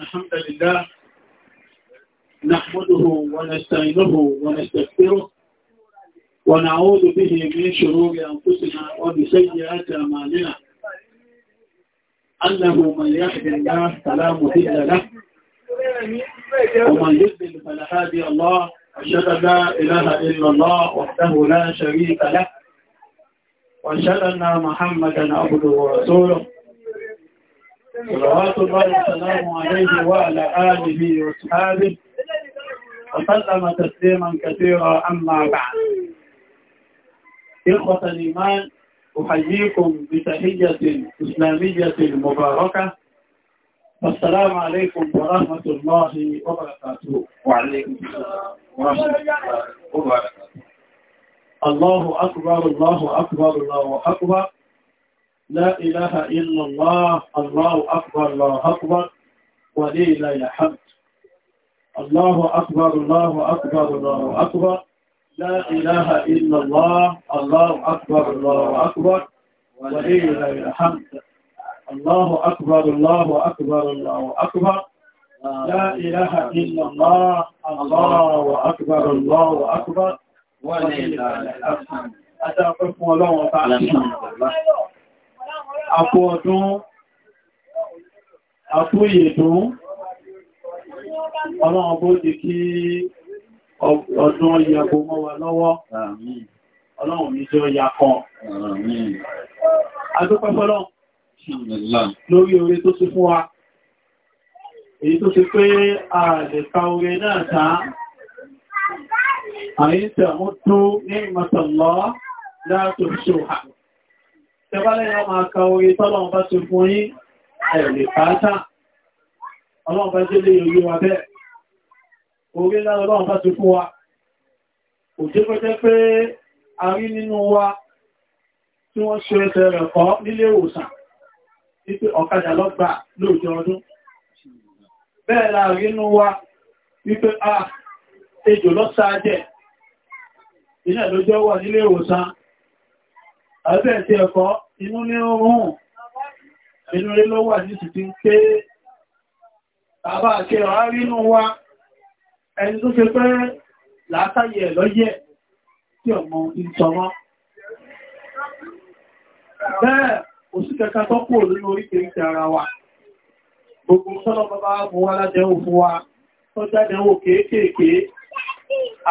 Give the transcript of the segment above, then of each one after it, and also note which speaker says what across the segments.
Speaker 1: الحمد لله نحمده ونستعينه ونستغفره ونعوذ به من شرور أنفسنا ومن سيئات أعمالنا أنه من يهد الله فلا مضل له ومن يضلل فلا هادي الله أشهد أن لا إله إلا الله وحده لا شريك له وأشهد أن محمدا عبده ورسوله صلوات الله وسلامه عليه وعلى آله وأصحابه وسلم تسليما كثيرا أما بعد إخوة الإيمان أحييكم بتحية إسلامية مباركة والسلام عليكم ورحمة الله وبركاته وعليكم السلام ورحمة الله وبركاته الله أكبر الله أكبر الله أكبر لا إله إلا الله الله أكبر الله أكبر وليلة الحمد الله أكبر الله أكبر الله أكبر لا إله إلا الله الله أكبر الله أكبر وليلة يحمد الله أكبر الله أكبر الله أكبر لا إله إلا الله الله أكبر الله أكبر
Speaker 2: wọ́n ní ìlànà
Speaker 1: àtàkùn fún ọlọ́wọ́n bá àpò ọdún àpò ìyèdún ọlọ́wọ́n bó jẹ́ kí
Speaker 2: ọdún ìyàgbó mọ́
Speaker 1: wa lọ́wọ́ ọlọ́wọ́n mi jẹ́ ọya kan adúpẹ́fọ́lọ́ lórí oore tó ṣe fún wa èyí tó ṣe pé ààrẹ̀ ka oore náà tán أن تمدوا نعمة الله لا تحصوها Tẹbálẹ̀ yọ máa ka orí tọ́lọ̀ bá ti fún yí ẹ̀rẹ̀ pàátà, ọlọ́run bá jẹ́ lè yóò wà bẹ́ẹ̀. Orí lára ọlọ́run bá ti fún wa, ò jẹ́ pẹ́ pé a rí nínú wa tí wọ́n ṣe Bẹ́ẹ̀ láàrin nínú wa wípé a ah, ejò lọ́sáájẹ̀ ilẹ̀ lójọ́ wà nílé ìwòsàn àbẹ́ ti ẹ̀kọ́ inú ní oòrùn inú rí ló wà ní títí pé bàbá àti ọ̀rá rínú wa ẹni tó ṣe pé látàyè lọ́yẹ̀ tí ọmọ ìtọmọ́ bẹ́ẹ̀ òsì kẹta tó kú òlú lórí kìrìkì ara wa gbogbo sọ́lọ́ bàbá mú wá ládẹ́wò fún wa tó jádẹ́wò kéékèèké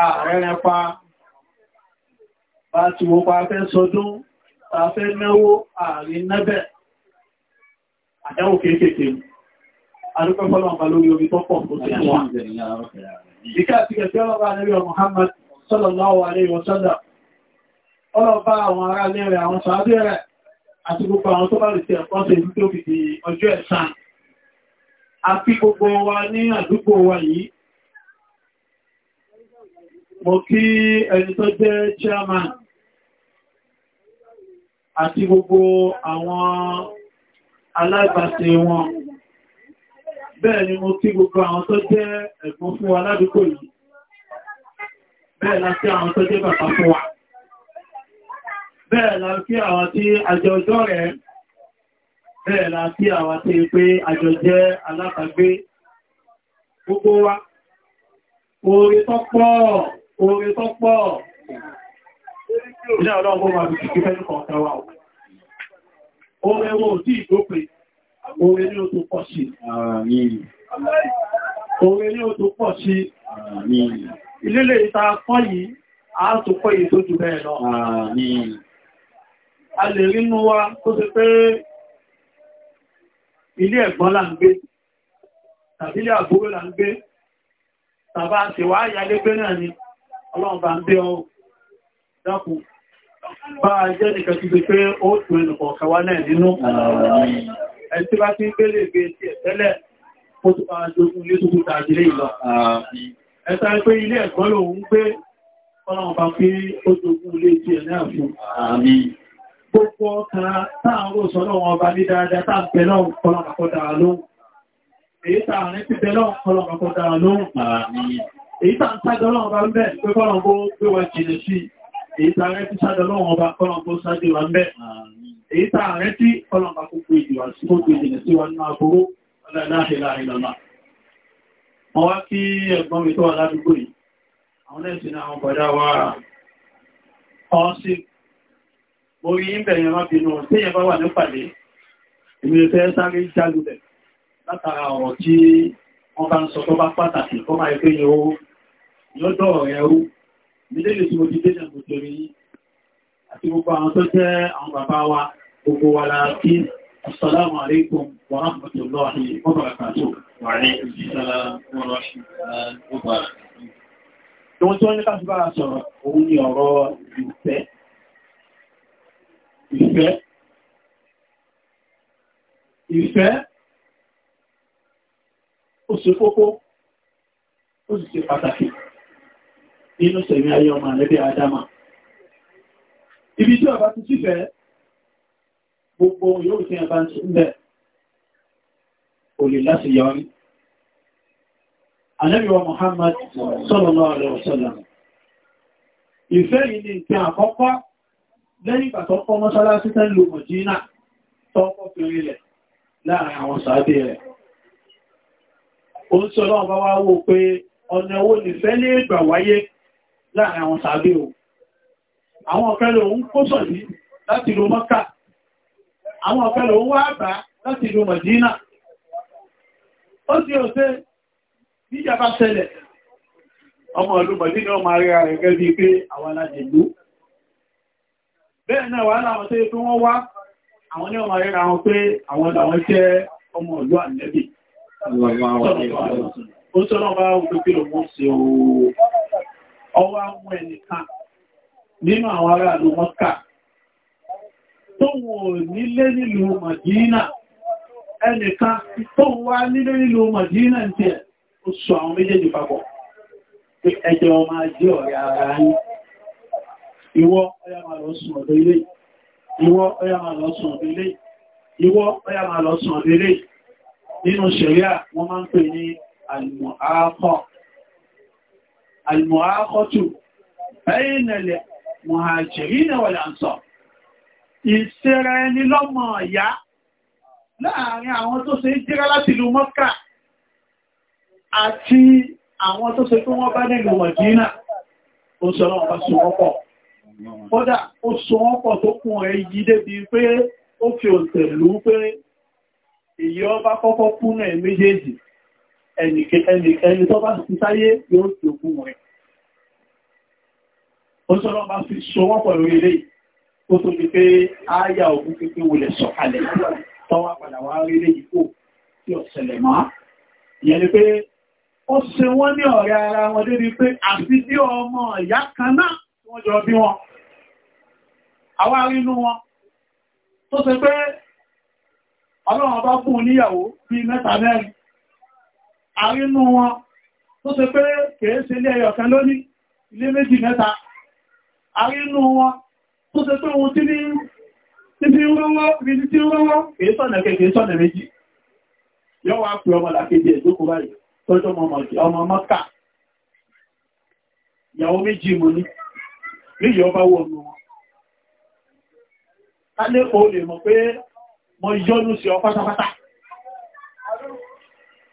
Speaker 1: ààrẹ pa bá ti wọ́n pa fẹ́ sọdún ta fẹ́ mẹ́wó ààrin nẹ́bẹ̀ àdáwò kéékèèké adúpẹ́fọ́lọ́ ọ̀pá lórí omi tọ́pọ̀ tó àti gbogbo àwọn tó bá lè tẹ̀ ẹ̀kọ́ sí ìlú tó fi di ọjọ́ ẹ̀san àfi gbogbo wa ní àdúgbò wa yìí mo kí ẹni tó jẹ́ chairman àti gbogbo àwọn alágbàṣe wọn bẹ́ẹ̀ ni mo kí gbogbo àwọn tó jẹ́ ẹ̀gbọ́n fún wa ládùúgbò yìí bẹ́ẹ̀ la kí àwọn tó jẹ́ bàbá fún wa bẹ́ẹ̀ la kí àwọn tí àjọ ọjọ́ rẹ̀ bẹ́ẹ̀ la kí àwọn tí pé àjọ jẹ́ alábàgbé gbogbo wa oore tó pọ̀ oore tó pọ̀ Ìjá ọlọ́gbọ́n wà ní ìfẹ́ ọ̀tọ̀ wà. Oore wo tí ìdópe, oore ní ó tó pọ̀ sí. Oore ní ó tó pọ̀ sí. Ilélè ìta kọ́ yìí, a tó kọ́ yìí tó jù bẹ́ẹ̀ lọ. A lè rínú wa tó ṣe pé ilé ẹ̀gbọ́n là ń gbé, tàbí ilé àbúrò là ń gbé, tàbá ti wá yálé gbé náà ni, ọlọ́run ń gbé ọ dákùn bá jẹ́ nìkan ti gbé pé ó tún ẹnu kọ̀ọ̀kan wá náà nínú ẹni tí bá ti ń gbélé gbé tí ẹ̀ tẹ́lẹ̀ ó ti bá jogun ilé tuntun tàjílé ìlọ ẹ̀ta pé ilé ẹ̀kọ́ lòun gbé ọlọ́run bá pé ó jogun ilé tí ẹ̀ náà fún gbogbo ọkàn táàrò sọ́lọ́ wọn ọba ní dáadáa táà pẹ̀lọ́ ọlọ́pàá lóhun èyí táà rẹ̀ ti pẹ̀lọ́ ọlọ́pàá lóhun èyí táà ń sájọ́ ọlọ́run bá ń bẹ̀ èyí tààrẹ tí sáàdọ̀ lọ́wọ́ ọba kọ́lọ̀kọ́ sáàdì wa ń bẹ́ èyí tààrẹ tí kọ́lọ̀kọ́ kúkú ìdíwà sí kó pè jìnà sí wa nínú agbóró ọlọ́láhìláhìlọ́lá wọ́n wá kí ẹ̀gbọ́n mi tó wà ládùúgbò yìí àwọn ẹ̀sìn àwọn bọ̀dá wa ọ́sìn orí ìbẹ̀yàn má bínú tí yẹn bá wà ní pàdé ìmìlẹ̀fẹ́ sáré jálulẹ̀ látara ọ̀rọ̀ tí wọ́n bá ń sọ tó bá pàtàkì kọ́ máa ẹgbẹ́ yóò dọ̀rọ̀ ẹrú nílé lè tí mo ti dé náà mo torí àti gbogbo àwọn tó jẹ́ àwọn bàbá wa gbogbo wa la kí assalamu alaikum wa rahmatullahi wa barakatuh wa alaikum salam wa rahmatullahi wa barakatuh Ìwọ̀n tí wọ́n ní káṣí bára sọ̀rọ̀, òun ni ọ̀rọ̀ ìfẹ́. Ìfẹ́. Ìfẹ́ ó ṣe kókó, ó sì ṣe pàtàkì. nínú sẹ̀mí ayé ọmọ àlẹ́bí àdámà. Ibi tí ọba ti sífẹ́ gbogbo yóò tí ẹba ti ń bẹ̀ olè láti yọrí. Muhammad sallallahu ni láàrin àwọn sàádé rẹ̀. wá wó pé ọ̀nà owó nìfẹ́ láàrin àwọn sàábé o àwọn ọ̀fẹ́lẹ̀ òun kó sọ̀ ní láti ìlú Mọ́kà àwọn ọ̀fẹ́lẹ̀ òun wá àgbà láti ìlú Mọ̀dínà ó sì ò sé níjàbá ṣẹlẹ̀ ọmọ ìlú Mọ̀dínà ọmọ àríra rẹ̀ gẹ́ bí pé àwọn alájẹ̀lú bẹ́ẹ̀ náà wà láwọn tó yẹ pé wọ́n wá àwọn ní ọmọ àríra wọn pé àwọn àwọn jẹ́ ọmọ ìlú ànẹ́bì Ó sọ́nà bá wùkú kí lò mú sí ooo. ọwá mú ẹnìkan nínú àwọn ará ìlú mọ́ká tó wò nílé nílùú Màdínà ẹnìkan tó wà nílé nílùú Màdínà ẹ̀ ó sọ àwọn méjèèjì papọ̀ pé ọmọ ajé ọ̀rẹ́ ara yín ọya lọ lọ nínú alìmọ̀hákọ́tù ẹ̀yìnlẹ̀ mọ̀hàjìrínà wal ansar ìṣẹ́ra ẹni lọ́mọ ọ̀yá láàrin àwọn tó ṣe jíra láti ìlú Mọ́kà àti àwọn tó ṣe tó wọ́n bá nílùú Mọ̀dínà ó sọ ọ̀pá sọ́wọ́pọ̀ kódà ó sọ́wọ́pọ̀ tó kún ẹ̀ yí débi pé ó fi òǹtẹ̀lú pé èyí ọba kọ́kọ́ kú náà méjèèjì ẹni tó bá ti sáyé yóò tí òkú rẹ̀ ó sọ́rọ̀ bá fi so wọ́n pẹ̀lú ilé ó tó di pé ááyà òkú pípé wulẹ̀ sọ̀kalẹ̀ tọ́wà padà wá rí lé ìkó tí ọ̀sẹ̀lẹ̀ máa ìyẹn ni pé ó ṣe wọ́n ní ọ̀rẹ́ ara wọn débi pé àti bí ọmọ ìyá kan náà wọ́n jọ bí wọn àrínú wọn tó ṣe pé kèé ṣe ilé ẹyọ̀kan lónìí ilé méjì mẹ́ta àrínú wọn tó ṣe pé ohun tí ní rọwọ́ rí tí rọwọ́ kèé sọ̀nà kèé sọ̀nà méjì yọ́ wá pè ọmọ làkejì ẹ̀dókò báyìí tọ́jọ́ ọmọ mọ́ká ìyàwó méjì mú ní ní ìyọ́ bá wọ́n wọn kálé o lè mọ̀ pé mọ yọ́nú sí ọ pátápátá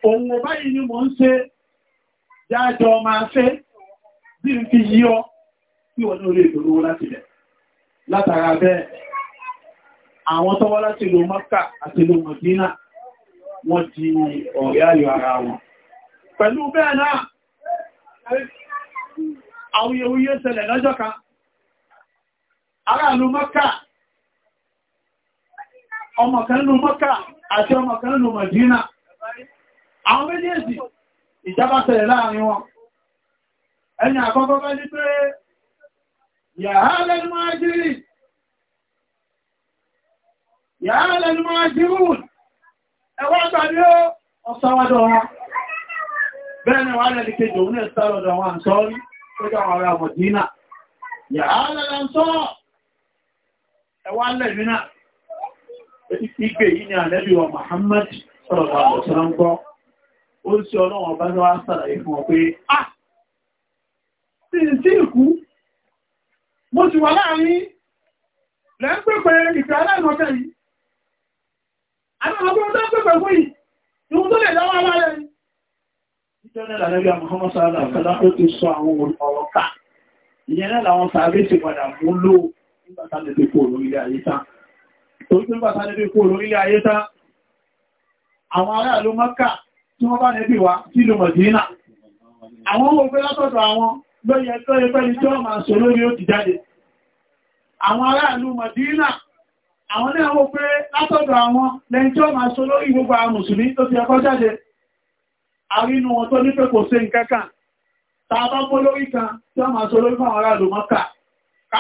Speaker 1: òun ò báyìí ni mò ń ṣe jájọ máa fẹ́ bí n fi yí ọ kí wọ́n ní orí ìdòrò láti lẹ̀ látara bẹ́ẹ̀ àwọn tọ́wọ́ láti lo Mọ́kà àti lo Mọ̀dínà wọ́n di ọ̀rẹ́ ara wọn pẹ̀lú bẹ́ẹ̀ náà awuyewuye ṣẹlẹ̀ lọ́jọ́ kan aráàlú Mọ́kà ọmọ kan nínú Mọ́kà àti ọmọ kan nínú Mọ̀dínà àwọn méjèèjì ìjábá tẹ̀lẹ̀ láàrin wọn ẹni àkọ́kọ́ bá ní pé yàá lẹ́nu máa jírí yàá lẹ́nu máa jírí ẹwà tàbí ó ọ̀sáwádọ̀ wọn bẹ́ẹ̀ni wà lẹ́ni kejì òun náà sárọ̀dọ̀ wọn sọ́rí tó jọ àwọn ará mọ̀dínà yàá lẹ́nu sọ́ ẹwà lẹ́nu náà ìgbè yìí ni àlẹ́bí wa Muhammad sọ̀rọ̀ ó ń ṣe ọlọ́wọ̀n bá ní wá sàlàyé fún ọ pé ah sí sí ìkú mo ti wà láàrin lẹ́ńpẹ́pẹ́ ìfẹ́ aláìmọ́kẹ́ yìí àwọn ọmọ ọdún pẹ́pẹ́ fún yìí ìhun tó lè dáwà lára yìí nítorí àlẹ́bí àmọ́hánmọ́ sáàlá àkàlá ó ti sọ àwọn ọ̀rọ̀ ká ìyẹn náà làwọn sàábé ti padà mú lò nígbàtà lè dépò lórílẹ̀ ayé tán torí nígbàtà lè dépò lórílẹ̀ ayé tán àwọn aráàlú mọ́kà tí wọ́n bá nẹ́bí wa sílù Mọ̀dínà. Àwọn òfin látọ̀dọ̀ àwọn lóyẹ tó ẹgbẹ́ni tí wọ́n máa sọ lórí ó ti jáde. Àwọn aráàlú Mọ̀dínà, àwọn látọ̀dọ̀ àwọn lẹ́yìn tí wọ́n máa sọ lórí gbogbo tó ti ẹkọ́ jáde. Àrínú wọn tó nípe kan tí wọ́n máa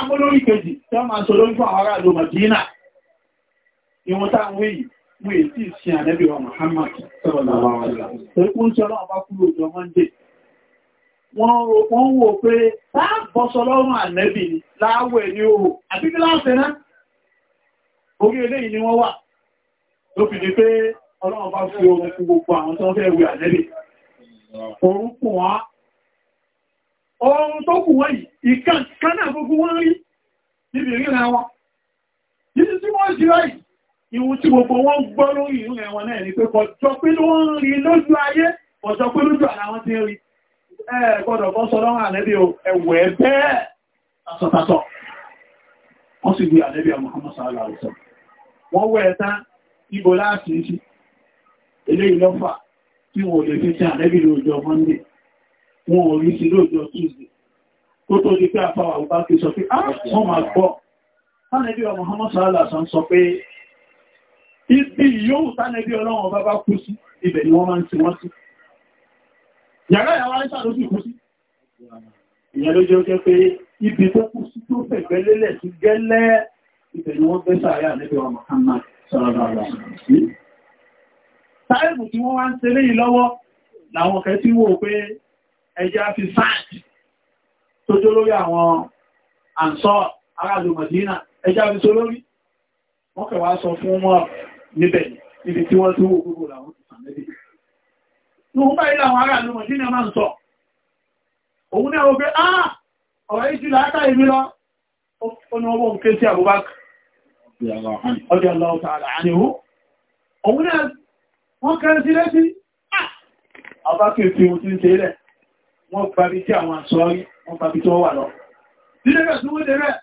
Speaker 1: sọ lórí kejì tí wọ́n máa sọ mú èsì ìṣẹ́ ànẹ́bí wa Muhammad sallallahu alaihi wasallam torí kún bá kúrò jọ mọ́ndé wọ́n wò pé láàbọ́sọ lọ́rùn ànẹ́bì láàwẹ̀ ní oòrùn àti kí láàfẹ́ náà orí eléyìí ni wọ́n wà ló fi di pé ọlọ́run iwu tí gbogbo wọn gbọ́ lórí ìlú ẹ̀wọ̀n náà ni pé kọjọ pé ló ń rí lójú ayé kọjọ pé lójú àwọn tí ń rí ẹ gbọ́dọ̀ kan sọ lọ́wọ́ àlẹ́bí ẹ̀wẹ̀ bẹ́ẹ̀ àsọtasọ wọ́n sì di àlẹ́bí Muhammad sallallahu ibo lati di pé àfáwà kí sọ pé ah wọ́n máa gbọ́ ibi yóò sánẹ́bí ọlọ́run bá bá kú sí ibẹ̀ ni wọ́n máa ń ti wọ́n sí yàrá ìyàwó àìsà ló sì kú sí ìyà ló jẹ́ pé ibi tó kú sí tó fẹ̀gbẹ́ lélẹ̀ sí gẹ́lẹ́ ibẹ̀ ni wọ́n bẹ́ sàárà níbi wa Muhammad sọ́rọ̀ hmm? táìmù tí wọ́n wá ń ṣe léyìn lọ́wọ́ làwọn kẹ́ tí wò pé ẹja fi sáàtì tó jó lórí àwọn àǹsọ́ wọ́n kẹwàá sọ fún wọn níbẹ̀ níbi tí wọ́n tún wò gbogbo làwọn ti sàn lẹ́bí. Nùhún báyìí làwọn ará ló mọ̀ sí ni a máa ń sọ. Òun náà wọ́n pé, "Ah! Ọ̀rọ̀ yìí ti láátá ìlú lọ." Ó ní ọmọ òkè sí Abubakar. Ọjọ́ lọ tààrà àníhú. Òun náà wọ́n kẹrin sí lẹ́sí. Abubakar fi ohun ti ń ṣe rẹ̀. Wọ́n gbabi tí àwọn àṣọrí, wọ́n gbabi tí wọ́n wà lọ. Dídẹ́gbẹ̀ tí wọ́n dẹ̀ rẹ̀,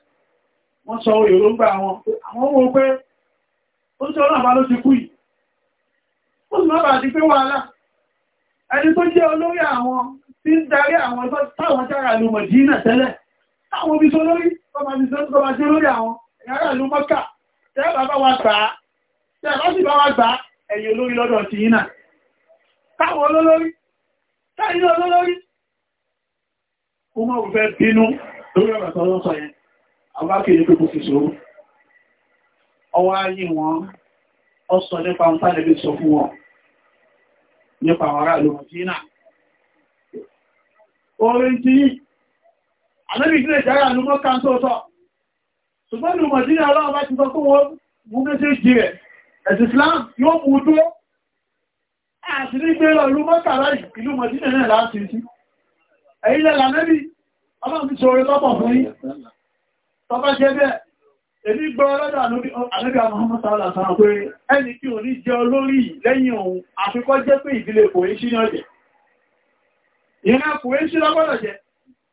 Speaker 1: wọ́n sọ òyòrò ń gbà wọn. Àwọn wo ó ṣe ọlọ́ọ̀bá ló ti kú yìí ó sì mọ́bàá ti pé wàhálà ẹni tó jẹ́ olórí àwọn tí ń darí àwọn táwọn jára lu Mọ̀dínà tẹ́lẹ̀ táwọn bí sólórí tọ́bà sí olórí àwọn ìyára ìlú Mọ́kà tẹ́ẹ̀bà bá wa gbà á tẹ́ẹ̀bà sì bá wa gbà á ẹ̀yìn olórí lọ́dọ̀ ti yínà táwọn olórí táyín olórí ọwọ́ ayé wọn ọ sọ nípa ń tàbí sọ fún wọn nípa àwọn ará lòmọ̀ tí náà orin tí alẹ́bí ìdílé ìjára lùmọ́ kan tó tọ́ ṣùgbọ́n lùmọ̀ tí náà ọlọ́ọ̀bá ti sọ fún wọn mú méjèèjì rẹ̀ ẹ̀sì Islam yóò mú dúró àti ní pé lọ lùmọ́ kàrá ìlú mọ̀dínà náà láti sí ẹ̀yí èmi gbọ́ ọlọ́dọ̀ àlẹ́bíà Muhammad sallallahu alaihi pé ẹni tí ò ní jẹ olórí lẹ́yìn òun àfikọ́ jẹ́ pé ìdílé kò ń ní jẹ ìrìnà kò ń ṣí lọ́gbọ́dọ̀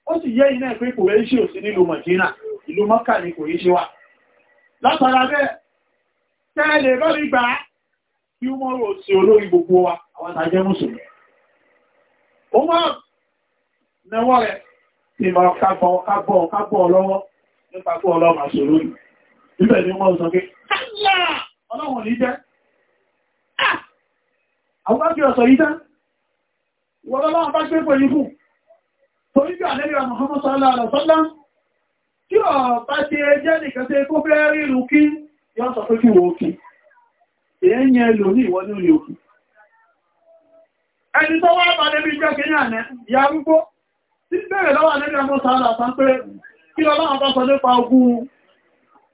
Speaker 1: ó sì yẹ iná pé kò ń ṣí ò sí nílùú Mọ̀dínà ìlú Mọ́kà ni kò kí ibẹ̀ ni wọ́n sọ pé ọlọ́wọ̀n ní jẹ́ àwọn akẹ́ ọ̀sọ̀ yí jẹ́ wọ́n lọ́wọ́ bá gbé pẹ̀lú fún torí bí àlẹ́gbẹ̀rẹ̀ Muhammad sallallahu alaihi wasallam kí ọ bá ti ẹjẹ́ nìkan tí kó fẹ́ rí ìlú kí yọ́ sọ pé kí wo kí èyí yẹn lò ní ìwọ́n ní orí òkú ẹni tó wá bá débi jẹ́ kí ní àná ìyá arúgbó tí bẹ̀rẹ̀ lọ́wọ́ àlẹ́gbẹ̀rẹ̀ Muhammad sallallahu alaihi wasallam pé kí lọ́wọ́ bá sọ nípa ogun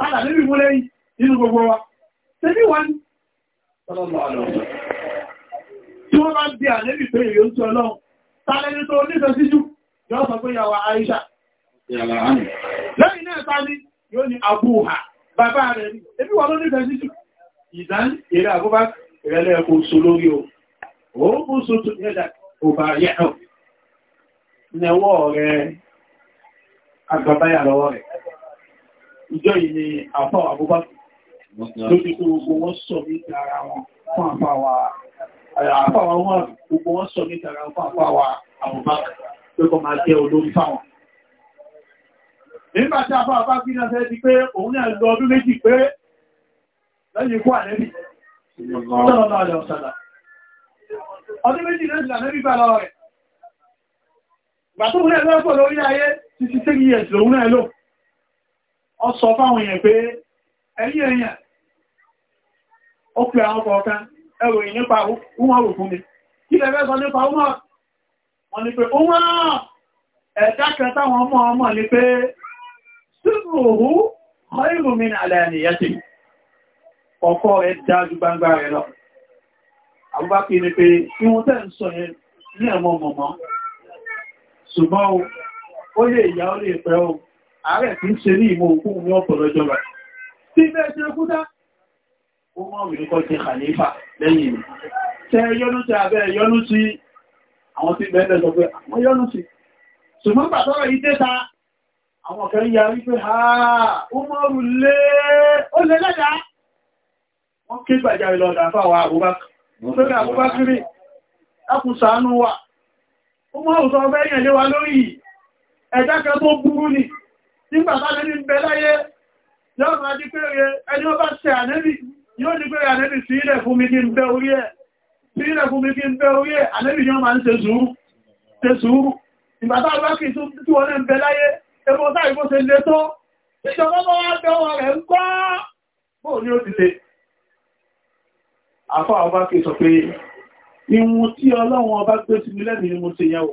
Speaker 1: tààdà níbi múlé inú gbogbo wa ṣe ní wọ́n tí wọ́n bá bí ànẹ́bì pé èyí ó tí ọlọ́run tààlẹ́ni tó oníṣẹ́ síjú yóò sọ pé yàwó Aisha lẹ́yìn náà tààdí yóò ní àbúhà bàbá rẹ̀ ní ebí wọ́n lóníṣẹ́ síjú ìdán èrè àbúbá ìrẹ́lẹ̀ ẹ̀kọ́ sọ lórí o ó mú sọ tó yẹ́dà òbá yẹ́ ọ̀ ìjọ yìí ni àfáwà àbúbá lórí tó gbogbo wọ́n sọ níta ara wọn fún àfáwà àfáwà wọn gbogbo wọ́n sọ níta ara wọn fún àfáwà àbúbá pẹ́kọ́ máa jẹ́ olórí fáwọn nígbà tí àfáwà bá bí náà ti pé òun náà lọ ọdún méjì pé lẹ́yìn ikú ànẹ́bì sọ́nà àlẹ́ ọ̀sàdà ọdún méjì lẹ́yìn ànẹ́bì bá lọ rẹ̀ gbà tó wúlẹ̀ lọ́pọ̀ lórí ayé 63 years ọ sọ fáwọn èèyàn pé ẹ̀yìn èèyàn ó pè àwọn kọ̀ọ̀kan ẹwò èèyàn nípa Umaru fún mi kí lẹ fẹ́ sọ nípa Umaru wọ́n ní pé Umaru ẹ̀dá kẹta wọn mọ́ ọmọ ní pé sírùhú khairu min alaniyati ọkọ̀ rẹ̀ dájú gbangba rẹ̀ lọ àbúbákí ni pé ìwọ̀n tẹ́ ń sọ yẹn ní ẹ̀mọ́ mọ̀mọ́ ṣùgbọ́n ó lè ìyá ó lè pẹ́ ohun ààrẹ tí ń ṣe ní ìmọ̀ òkú ní ọ̀pọ̀lọjọ́ rẹ̀ tí bẹ́ẹ̀ ṣe kúdá ó mọ́ òmìnir kọ́ ti Khalifa lẹ́yìn rẹ̀ tẹ́ yọ́nú ti abẹ́ yọ́nú ti àwọn tí bẹ́ẹ̀ sọ pé àwọn yọ́nú ti ṣùgbọ́n pàtọ́rọ̀ yìí tẹ́ta àwọn kan ya wípé ha ó mọ́ òrùlé ó lè wọ́n ké gbàjáre lọ́dà fáwọn Abubakar nígbà bá lẹ́ni ń bẹ láyé yóò máa di pé ẹni ó bá ṣe ànẹ́bì yóò di pé ànẹ́bì sí ilẹ̀ fún mi kí ń bẹ orí ẹ̀ sí ilẹ̀ fún mi kí ń bẹ orí ẹ̀ ànẹ́bì yóò máa ń ṣe sùúrù ṣe sùúrù ìgbà tá bá kì tí wọ́n ń sọ pé ìwọ̀n tí ọlọ́run ọba gbé sí mi lẹ́nu ni mo ṣe yẹ̀wò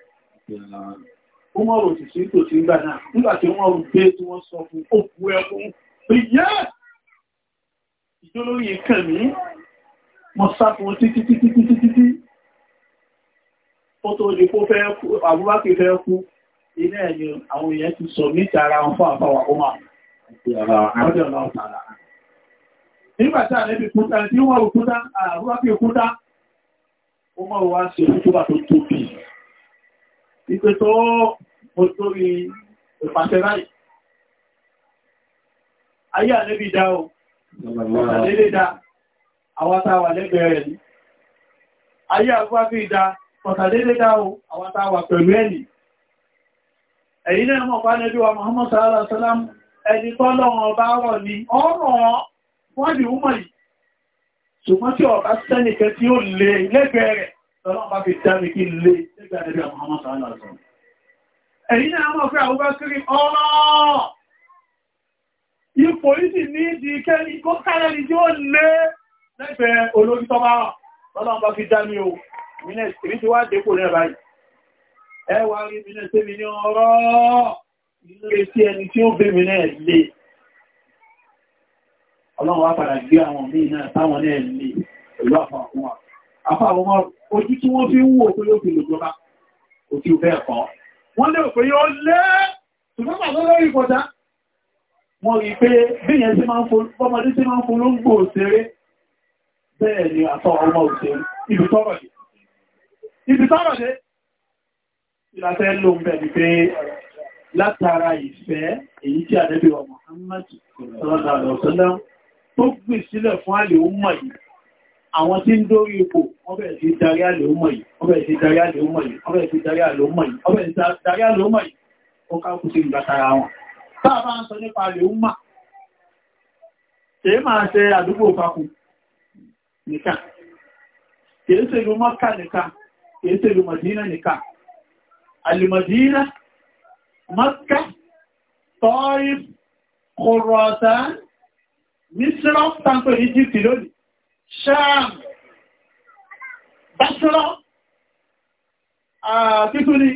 Speaker 1: ó mọ̀ rò tìṣí tò sí ìgbà náà nígbà tí wọ́n rú pé tí wọ́n sọ fún òkú ẹkùn ìyá ìjólórí ìkàn mí mọ̀ sá fún wọn títí títí títí títí ó tó di kó fẹ́ àbúbákì fẹ́ kú ilé ẹ̀yẹ àwọn èèyàn ti sọ ní tara wọn fún àfáwà ó máa ọjọ́ náà tààrà nígbà tí àlẹ́bì kúta tí wọ́n rú kúta àbúbákì kúta ìpé tó olórí ìpàṣẹ ráì ayé àlébì dá o àlébì dá àwátá lẹ́gbẹ̀ẹ́ rẹ̀ ayé àgbáfí dá pọ̀tàdédé dá o àwátá pẹ̀lú ẹ̀lì náà mọ̀ bá nẹ́bí wa ẹni ọba ọba tọ́lọ́pàá fi dámi kí lè nígbà nígbà Muhammad sallallahu alaihi wasallam ẹ̀yìn náà mọ̀ fẹ́ àwúgbà kiri ọ̀rọ̀ ipò ìsì ní ìdí kẹ́lì kó kárẹ́ ní tí ó lé lẹ́gbẹ̀ẹ́ olórí tọ́bá tọ́lọ́pàá fi dámi o mínísítì tí wá dépò rẹ̀ báyìí ẹwà rí mínísítì ní ọ̀rọ̀ ilé tí ẹni tí ó bèèrè náà lè ọlọ́run wá padà gbé àwọn míì náà táwọn àfà àwọn ojú tí wọ́n fi ń wò pé ó fi lò jọba kò tí ó bẹ́ẹ̀ kọ́ wọ́n lè pé ó lé ṣùgbọ́n àwọn lórí ìkọjá wọ́n rí pé bíyẹn sí máa ń fún ọmọdé sí máa ń fún lóńgbò òṣèré bẹ́ẹ̀ ni àtọ́ ọmọ òṣèré ibi tọ́rọ̀ dé ibi tọ́rọ̀ dé ìlàfẹ́ ló ń bẹ̀ ni pé látara ìfẹ́ èyí tí àdẹ́bí ọmọ
Speaker 2: Muhammad sọ́lọ́dà lọ́sọ́lá
Speaker 1: tó gbì sílẹ̀ fún àlè ó mọ̀ yìí àwọn tí ń dórí ipò wọ́n bẹ̀rẹ̀ sí darí àlòmọ̀ yìí Mísírọ̀ tàǹkò Egypt lónìí ṣáàm bàṣọ́rọ̀ títúrí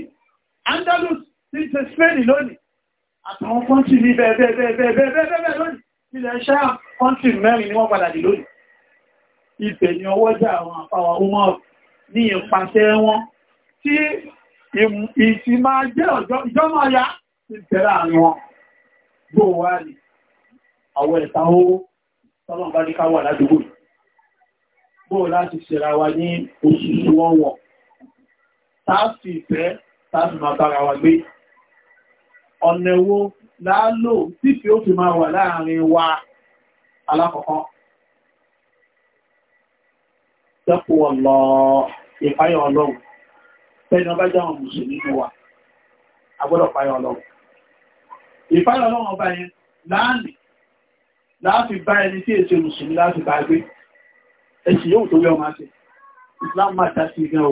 Speaker 1: Andalus tí ṣe Spain lónìí àtàwọn kọ́ntì ní bẹ̀ẹ̀bẹ̀ẹ̀bẹ̀ẹ̀bẹ̀ẹ̀bẹ̀ lónìí ilẹ̀ ṣáàm kọ́ntì mẹ́rin ni wọ́n padà dì lónìí ibẹ̀ ni ọwọ́jà àwọn àpáwà umar ní ìpàṣẹ wọn tí ìsì máa jẹ́ ìjọmọ̀ ya ti tẹ̀lé àrin wọn gbóòwà ní àwọn ẹ̀ta owó tọ́lọ̀ bá ní káwà ládùúgbò yìí bó láti ṣẹ̀ra wa ní oṣù wọ́wọ̀ táàfì ìfẹ́ táàfì máa bára wa gbé ọ̀nà wo láálò tífì ó fi máa wà láàrin wa alákọ̀ọ́kọ́ dẹ́kù ọ̀lọ́ ìpáyọ̀ ọlọ́run tẹ́ni ọba jẹ́ àwọn mùsùlùmí ní wa agbọ́dọ̀ páyọ̀ ọlọ́run ìpáyọ̀ ọlọ́run ọba yẹn láàrin láàfin bá ẹni tí èsè mùsùlùmí láti bá gbé ẹ̀sìn yóò tó wẹ́ ọmọ àti Islam máa tàṣì gan o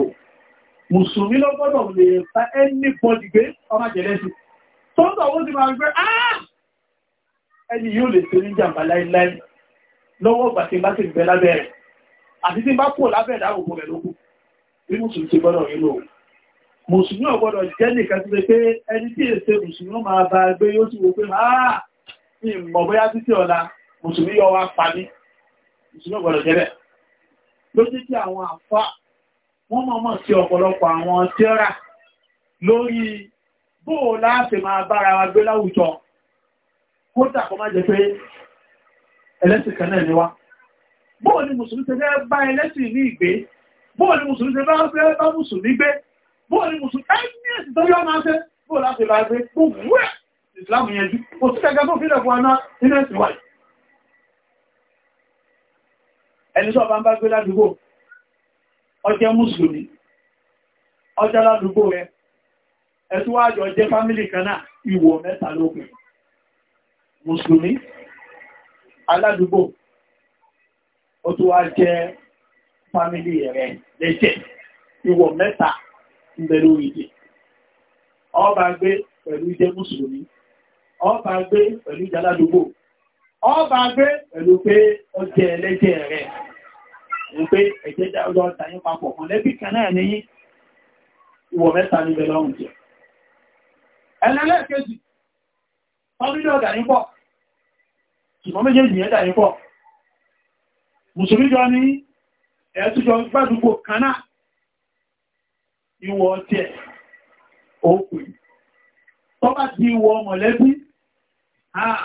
Speaker 1: mùsùlùmí ló gbọ́dọ̀ lè fa ẹni bọ́dì gbé ọmọ jẹ̀lẹ́sì tó ń tọ̀ ó ti máa gbé ah! ẹni yóò lè ṣe ní jàmbá láíláí lọ́wọ́ ìgbà tí bá ti bẹ lábẹ́ rẹ̀ àti tí bá kò lábẹ́ ìdáwò bọ̀ rẹ̀ lókù bí mùsùlùmí ti gbọ́dọ̀ rí lò mùsùlùmí ò gbọ́dọ̀ jẹ́ nìkan ti pé ẹni tí èsè mùsùlùmí máa bá gbé yóò ti wo pé ìmọ̀ ah! bóyá títí ọ̀la mùsùlùmí yọ wá pa ní mùsùlùmí ò jẹ́ bẹ́ẹ̀ ló jẹ́ kí àwọn àfá wọ́n mọ̀mọ̀ sí ọ̀pọ̀lọpọ̀ àwọn tírà lórí bóò láti máa bára wa gbé láwùjọ kódà kó má jẹ́ pé ẹlẹ́sìn kan náà ni wá bóò ni mùsùlùmí ṣe fẹ́ bá ẹlẹ́sìn ní ìgbé bóò ni mùsùlùmí ṣe fẹ́ bá mùsùlùmí gbé bóò ni mùsùlùmí ẹni ẹ̀sìn tó yọ́ máa ṣe bóò láti bá gbé gbogbo ẹ̀ ìsìlámù yẹn jù kò sí kẹ́kẹ́ tó fi lẹ̀kọ́ ọ̀nà nínú ẹ̀sìn wáyé ẹni ọba bá ń bá gbé ládùúgbò ọjẹ́ mùsùlùmí ọjẹ́ ládùúgbò rẹ ẹ̀tú jẹ́ fámílì kan náà ìwò mẹ́ta lókùn mùsùlùmí aládùúgbò ó tó wá jẹ́ fámílì rẹ lẹ́jẹ̀ ìwò mẹ́ta ọba gbé pẹ̀lú jẹ́ mùsùlùmí ọba gbé pẹ̀lú ọba gbé pẹ̀lú pé ó jẹ ẹlẹ́jẹ̀ rẹ̀ wípé ẹ̀jẹ̀ dáadọ́ tàyín papọ̀ kan lẹ́bí kan náà ní ìwọ̀ mẹ́ta níbẹ̀ lọ́rùn jẹ ẹlẹ́lẹ́kẹ́jì ọdúnjọ́ dàyín pọ̀ ṣùgbọ́n méjèèjì yẹn dàyín pọ̀ mùsùlùmí jọ ní ẹ̀ẹ́tújọ gbádùgbò kan náà ìwọ̀ ọtí ẹ̀ ó pè tọ́bá ti ìwọ̀ mọ̀lẹ́bí àà ah,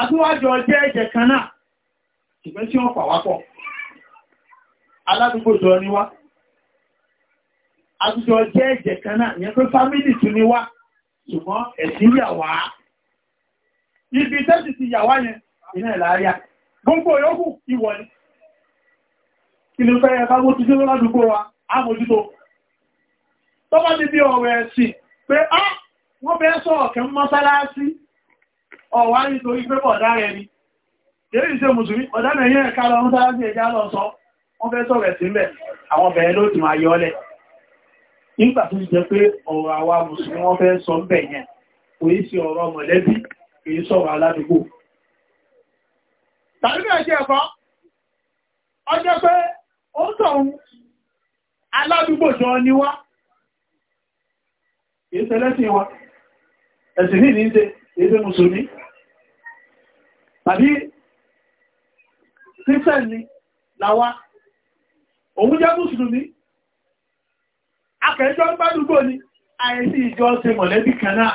Speaker 1: àtúwájọ jẹ́ ẹ̀jẹ̀ kan náà ṣùgbẹ́ tí wọ́n pàwápọ̀ aládùúgbò jọ ni wá àtújọ jẹ́ ẹ̀jẹ̀ kan náà yẹn pé fámílì tún ni wá ṣùgbọ́n ẹ̀sìn yàwá ibi tẹ́sì ti yàwá yẹn iná ìlàáríà gbogbo yóò ìwọ̀ ni kí wa á mójútó tọ́bá ti bí ọ̀rọ̀ ọ̀wá nítorí pé bọ̀dá rẹ̀ ni èyí ṣe mùsùlùmí ọ̀dá rẹ̀ yẹ́ ẹ̀ká lọ ń sára sí ẹjá lọ sọ wọ́n fẹ́ sọ̀rẹ̀ sílẹ̀ àwọn bẹ̀rẹ̀ ló ti máa yọ́lẹ̀ nígbà tó ti jẹ́ pé ọ̀rọ̀ àwa mùsùlùmí wọ́n fẹ́ sọ bẹ̀ yẹn kò í sí ọ̀rọ̀ mọ̀lẹ́bí kò í sọ̀rọ̀ aládùúgbò tàbí bẹ́ẹ̀ sí ẹ̀kọ́ ọjọ́ pé ó sọ̀run aládùúgbò jọ ni wá kì í ṣẹlẹ́sìn wa ẹ̀sìn ní ìdíje èdè mùsùlùmí tàbí kírísẹ́ni làwa òun jẹ́ mùsùlùmí akẹ́jọ́ gbádùgbò ni àìsí ìjọ ṣe mọ̀lẹ́bí kanáà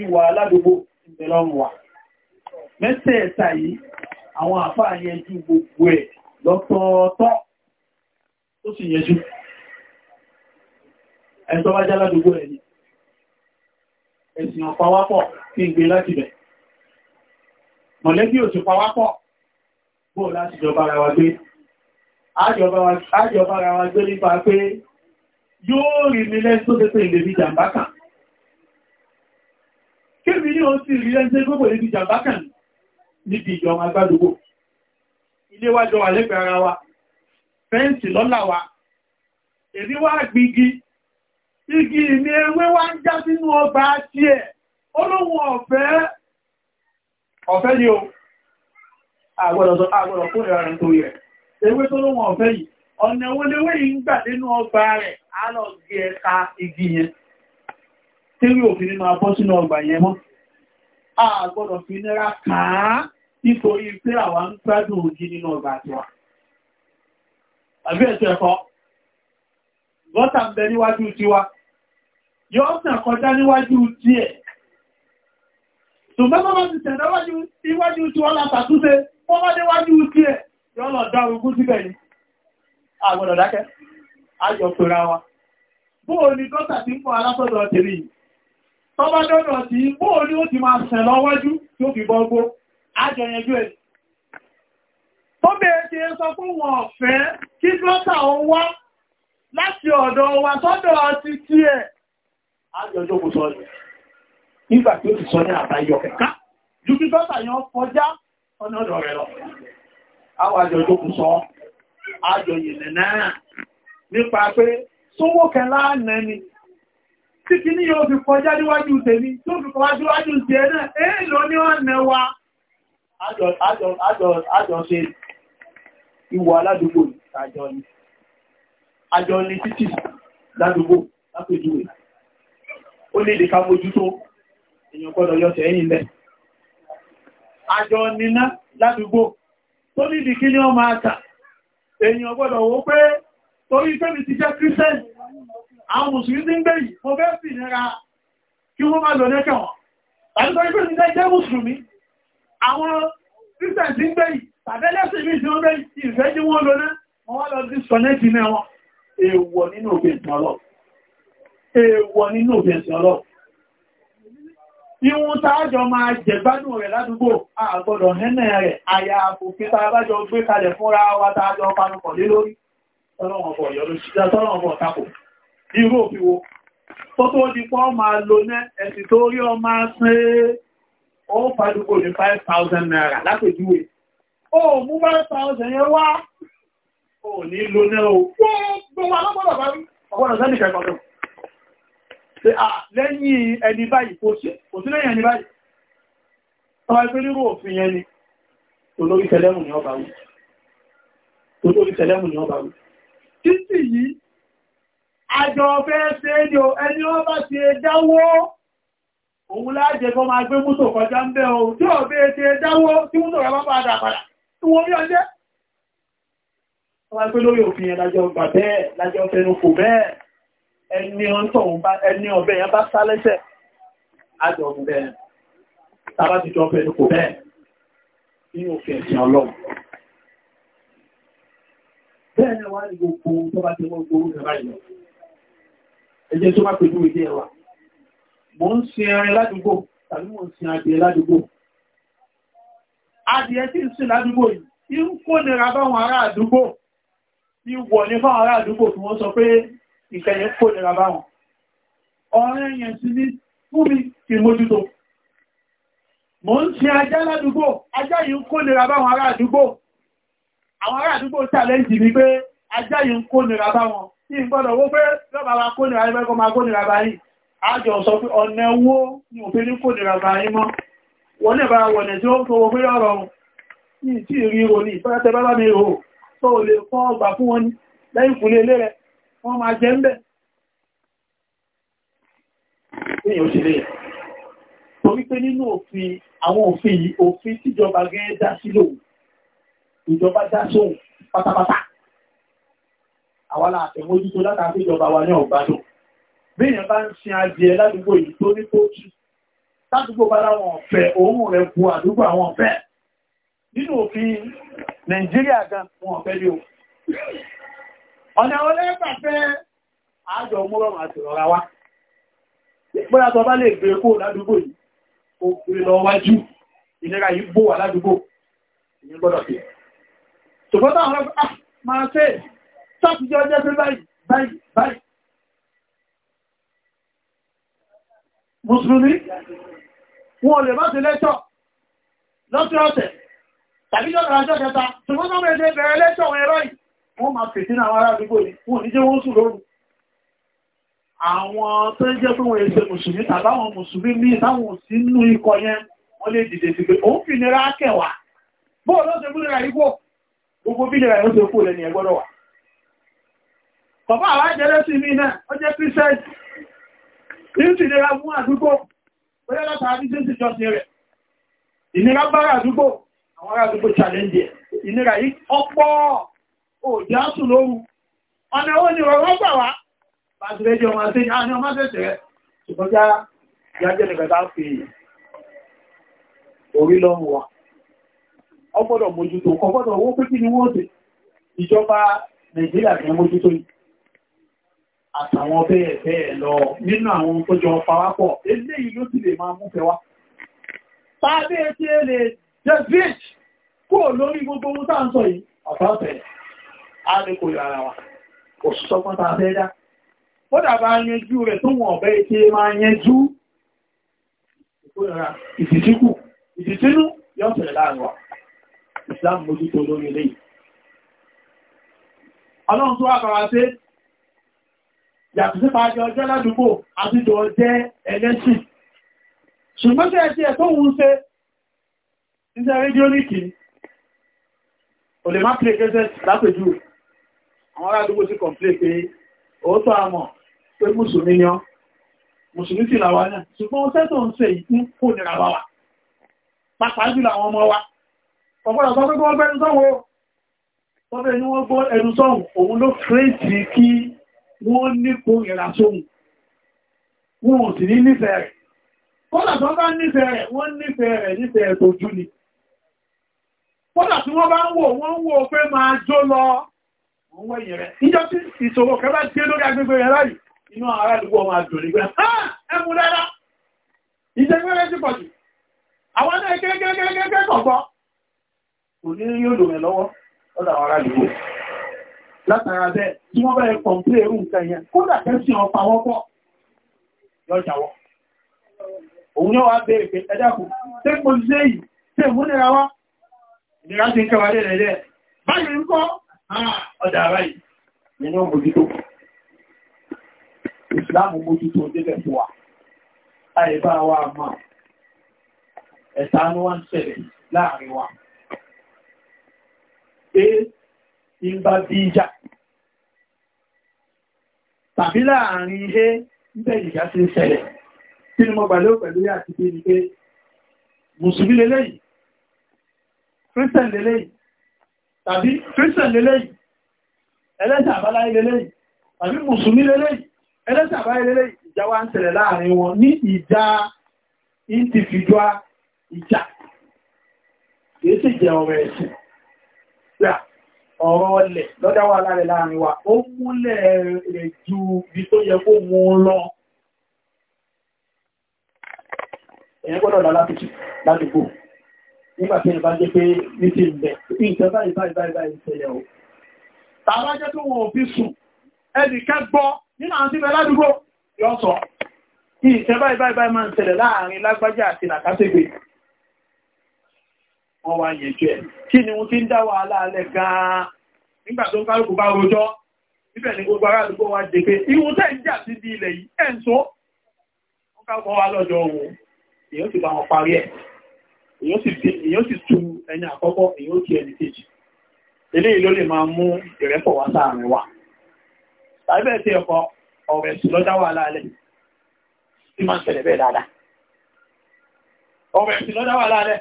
Speaker 1: ìwà aládùgbò ìbẹ̀lọ́wà mẹ́tẹ̀ẹ̀ta yìí àwọn àfáà yẹnjú gbogbo ẹ̀ lọ́tọ̀ọ̀tọ̀ ó sì yẹnjú ẹ̀tọ́ bá jẹ́ aládùgbò ẹ̀ ni ẹ̀sìn ọ̀pá wápọ̀ kí n gbé láti bẹ̀ mọ̀lẹ́bí ò sì pawápọ̀ bóò láti jọba ara wa gbé ájọba ara wa gbé nípa pé yóò rí mi lẹ́sí tó tẹ́ pé ilé bí jàmbákà kébì ní o sì rí lẹ́sí gbogbo ilé bí jàmbákà níbi ìjọba agbádùgbò ilé wa jọ wà lẹ́gbẹ̀ẹ́ ara wa fẹ́ǹsì lọ́lá wa èmi wá gbígi igi ìmí ewé wá ń já sínú ọgbà tí ẹ̀ olóhun ọ̀fẹ́ ọ̀fẹ́ ni o àgbọ̀dọ̀ kó ìrà rẹ̀ tó yẹ ewé tó ló wọn ọ̀fẹ́ yìí ọ̀nà owó léwé yìí ń gbà nínú ọgbà rẹ̀ igi yẹn tí rí òfin nínú sínú ọgbà yẹn mọ́ àgbọ̀dọ̀ fi kàá nítorí pé ń gbádùn òjì nínú ọgbà àtiwà yóò ṣùgbọ́n bá ti tẹ̀lẹ̀ iwájú tí wọ́n látàtúnṣe wọ́n bá déwájú tí ẹ̀ yọ́ lọ dá orogún síbẹ̀ ni àgbọ̀dọ̀ dákẹ́ ayọ̀ wa bóò ni gọ́tà ti ń pọ̀ alásọ́dọ̀ tèrí tọ́bá dọ́dọ̀ bóò ni ó ti máa sẹ̀ lọ́wọ́jú fi bọ́gbó nígbà tí ó ti sọ ní àbáyọ kẹ̀ká ju bí dọ́tà yẹn fọjá ọ̀nà ọ̀dọ̀ rẹ̀ lọ àwọn àjọ ìjókù sọ àjọ ìyìnlẹ̀ náà nípa pé sówó kẹlá nẹni títí ní yóò fi kọjá níwájú tèmi tó fi kọwájú wájú tèẹ náà èèlò ní ọ̀nà wa àjọ ṣe ìwọ̀ aládùúgbò àjọ ni àjọ ni títì ládùúgbò lápèjúwe ó lè lè ká mójútó èyàn gbọ́dọ̀ yọ tẹ̀ ẹ̀yìn lẹ̀ àjọ níná ládùúgbò tó nídi kí ní ọmọ àtà èyàn gbọ́dọ̀ wó pé torí tẹ́mi ti jẹ́ kírísẹ́n àwọn mùsùlùmí ti ń gbé yìí mo fẹ́ sì nira kí wọ́n má lọ lẹ́kẹ̀ wọn tàbí torí pé jẹ́ mùsùlùmí àwọn Ihun tàájọ máa jẹ̀gbádùn rẹ̀ ládùúgbò, àgbọ̀dọ̀ hẹ́nẹ̀ rẹ̀, àyà àfòfin tàà bájọ gbé kalẹ̀ fúnra wa tàájọ panupọ̀ lé lórí. Tọ́lọ́wọ̀n bọ̀ tako. Irú òfin wo? Tó tó di pọ́ máa lo ní ẹ̀sì tó rí ọ máa ṣe ó fàdúgbò ní 5,000 naira lápèjúwe. Ó mú 5,000 yẹn wá, ò ní lo ní o. Gbogbo wa lọ́gbọ́dọ̀ bá rí, ọgbọ́dọ̀ sẹ́nìkẹ́ pé à ah, lẹ́yìn ẹni báyìí kò sí lẹ́yìn ẹni báyìí ọmọ ẹgbẹ́ nírò òfin yẹn ni olórí tẹlẹ́mù ni ọba wù olórí tẹlẹ́mù ni ọba wù títì yìí àjọ ọ̀fẹ́ ṣe é ní ẹni ọba ti dáwó òun láàjẹ́ kọ́ máa gbé mútò kọjá ń bẹ́ ohun tí ọ̀bẹ́ ti dáwó tí mútò rẹ̀ bá padà padà tí wọ́n rí ọjẹ́ ọmọ ẹgbẹ́ lórí òfin yẹn lájọ gbà bẹ́ẹ̀ lájọ fẹnu kò bẹ́ẹ̀ ẹni ọ̀bẹ̀ yẹn bá sá lẹ́sẹ̀ ájọ ọ̀bẹ̀ bẹ́ẹ̀ tàbá ti jọ ọ̀bẹ̀ kò bẹ́ẹ̀ ní òfin ẹ̀sìn ọlọ́run bẹ́ẹ̀ wá ní gbogbo tó bá ti wọ́n gbogbo rẹ̀ báyìí ẹjẹ́ tó bá pẹ̀lú ilé ẹwà mo ń sin ẹrin ládùúgbò tàbí mo ń sin adìẹ ládùúgbò adìẹ tí ń sin ládùúgbò yìí ń kó nira báwọn ará àdúgbò ìwọ̀ ní fáwọn ará àdúgbò tí wọ́n sọ pé ìkẹyẹ kó nira báwọn ọ̀rẹ́ yẹn sí ní fún mi ti mójútó mo ń ṣe ajá ládùúgbò ajá yìí ń kó nira báwọn ará àdúgbò àwọn ará àdúgbò challenge ni pé ajá yìí ń kó nira báwọn tí ń gbọ́dọ̀ wó pé lọ́bàá wa kó nira ẹgbẹ́ kó máa kó nira báyìí àjọ sọ pé ọ̀nà owó ni òfin ní kó nira báyìí mọ́ wọ́n ní ìbára wọ̀nà tí ó ń fowó pé ọ̀rọ̀ ní ìtì ìrírò ní ìfẹ́rẹ́tẹ́ bá bá mi rò tó lè fọ́ ọgbà fún wọn wọ́n máa jẹ ń bẹ̀. Èyàn ṣe lè yẹ̀. Torí pé nínú òfin, àwọn òfin yìí, òfin tíjọba gẹ́gẹ́ dá sí lòun, ìjọba dá sóhun pátápátá. Àwa la àtẹ̀mójútó látàkì ìjọba wa ní ọ̀gbádùn. Bí èèyàn bá ń sin adìẹ ládùúgbò yìí tó ní tó jù, ládùúgbò bá láwọn ọ̀fẹ́, òun rẹ̀ bu àdúgbò àwọn ọ̀fẹ́. Nínú òfin Nàìjíríà gan, wọn ọ̀fẹ́ ni o ọ̀nà ọlẹ́gbà fẹ́ àjọ mọ́rọ̀ àti rọra wá bóyá tó bá lè gbé kó ládùúgbò yìí ó gbé lọ wájú ìnira yìí gbó wà ládùúgbò ìyẹn gbọ́dọ̀ sí ṣùgbọ́n táwọn ọlọ́gbà máa fẹ́ sátijọ́ jẹ́ pé báyìí báyìí báyìí mùsùlùmí wọn lè má sí lẹ́tọ̀ lọ́sí ọ̀sẹ̀ tàbí lọ́nà àjọ́ kẹta ṣùgbọ́n tó mẹ́rin bẹ̀rẹ̀ lẹ́tọ̀ ẹ̀rọ yìí wọ́n máa pèsè ní àwọn ará àdúgbò ní wọ́n ní jẹ́ wọ́n sùn lóru àwọn tó jẹ́ pé wọ́n èsè mùsùlùmí tàbáwọn mùsùlùmí ní ìtàwọn ikọ̀ yẹn wọ́n lè dìde sí pé ó ń fi nira kẹwàá bóò gbogbo bí nira ìhóṣe kú lẹ́ni ẹgbọ́dọ̀ wà ìnira bára àdúgbò àwọn ará òjá sùn lóru ọ̀nà ni ọ̀rọ̀ gbà wá bá ọmọ ọmọ rẹ̀ ṣùgbọ́n já fi wa ọgbọ́dọ̀ mójútó owó ni wọ́n ìjọba Nàìjíríà ní mójútó àtàwọn bẹ́ẹ̀ bẹ́ẹ̀ lọ nínú àwọn tó jọ pawápọ̀ eléyìí ló ti lè máa mú fẹ́ wá lórí gbogbo ohun tá à ń á ní kò yọ ara wa kò sọ́gbọ́n ta fẹ́ dá ó dàbà yanjú rẹ̀ tó wọ̀n ọ̀bẹ́ ìṣe máa yanjú ìfìsíkù ìfìsínú yọ́ tẹ̀lẹ̀ láàrin wa Islam mójútó lórí ilé ọlọ́run tó wà bàbá sí yàtọ̀ sí pàájọ ọjọ́ ládùúgbò àti jọ jẹ́ ẹlẹ́sìn ṣùgbọ́n tẹ́ ẹ̀sí ẹ̀tọ́ òun ṣe iṣẹ́ rédíónìkì olèmápìlẹ̀ gẹ́gẹ́ lápẹjú rẹ̀ àwọn ará àdúgbò sí kọ̀m̀plé pé òótọ́ àmọ̀ pé mùsùlùmí yan mùsùlùmí sì làwa náà ṣùgbọ́n ó sẹ́tọ̀ ń ṣe ìpín kò nira wa wà pàápàá jùlọ àwọn ọmọ wa ọ̀pọ̀lọ̀ sọ pé wọ́n bẹ́nu sọ́wọ́ tọ́bẹ̀ ni wọ́n gbọ́ ẹnu sọ́hùn òun ló fèsì kí wọ́n nípo ìrà sóhùn wọn ò sì ní nífẹ̀ẹ́ rẹ̀ kódà tó bá nífẹ̀ẹ́ rẹ̀ wọ́n nífẹ̀ẹ́ rẹ̀ nífẹ̀ẹ́ tó ni kódà tí wọ́n bá ń wò wọ́n ń wò pé níjọ́ tí ìṣòro kan bá dé lórí agbègbè rẹ̀ láyìí inú ara àdúgbò ọmọ àjò nígbà ẹmú dára ìjẹgbẹ́rẹ́ ti pọ̀ jù àwọn náà kẹ́kẹ́kẹ́kẹ́kẹ́ kọ̀gbọ́ kò ní yóò lò rẹ̀ lọ́wọ́ ọ̀dà àwọn ará àdúgbò látara bẹ́ẹ̀ tí wọ́n bẹ̀rẹ̀ kọ̀m̀pé irú nǹkan yẹn kódà kẹ́sì ọ̀pá wọ́n pọ̀ lọ́jàwọ́ òun yóò wá bèèrè pé ẹjákù tí mo lè yìí tí èmú nira wá ìnira ti ń kẹwàá lẹ́rẹ̀ẹ́ báyìí ń kọ́ Ah, ọjà ráyì nínú mójútó ìsìláàmù mójútó débẹ̀ fún wa àìbá wa máa ẹ̀sánú wá ń ṣẹlẹ̀ láàrin wa pé tí ń bá bí ìjà tàbí láàrin ihe níbẹ̀ ìjà ti ń ṣẹlẹ̀ tí ni mo gbàlẹ́ pẹ̀lú àti pé ni pé mùsùlùmí lélẹ́yìn kírísítẹ̀n lélẹ́yìn tàbí christian lélẹ́yìn ẹlẹ́sìn àbáláyé lélẹ́yìn tàbí mùsùlùmí lélẹ́yìn ẹlẹ́sìn àbáláyé lélẹ́yìn ìjà wa ń ṣẹlẹ̀ láàrin wọn ní ìjà individual ìjà kìí sì jẹ ọ̀rọ̀ ẹ̀sìn ọ̀rọ̀ ọlẹ̀ lọ́dá wà láàrin láàrin wa ó múlẹ̀ rẹ̀ ju bí tó yẹ kó mú lọ ẹ̀yẹ́ gbọ́dọ̀ láti gbò nígbà tí ìbá jẹ́ pé ní ti ìbẹ̀ ìjọ báyìí báyìí báyìí o. tàbá jẹ́ tó wọn ò fi sùn ẹnì kẹ́gbọ́ nínú àwọn tí bẹ ládùúgbò yọ sọ kí ìṣe báyìí báyìí báyìí máa ń ṣẹlẹ̀ láàrin lágbájá àti làkàṣègbè wọ́n wá yẹn jẹ́ kí ni wọ́n ti ń dá wàhálà alẹ́ gan-an nígbà tó ń kálukú bá rojọ́ níbẹ̀ ni gbogbo ará àdúgbò wa jẹ́ pé ìwọ̀n tẹ́ ń jà sí di ilẹ̀ yìí ẹ̀ ń sọ wọ́n kálukú wa lọ́jọ́ òun èèyàn èyàn sì tú ẹni àkọ́kọ́ èyàn kí ẹni kejì eléyìí ló lè máa mú ìrẹ́pọ̀ wá sáàrin wa tàbí tí ẹ̀kọ́ ọ̀rẹ́ sí lọ́dá wà láàlẹ́ tí máa ń tẹ̀lẹ̀ bẹ́ẹ̀ dáadáa ọ̀rẹ́ sí lọ́dá wà láàlẹ́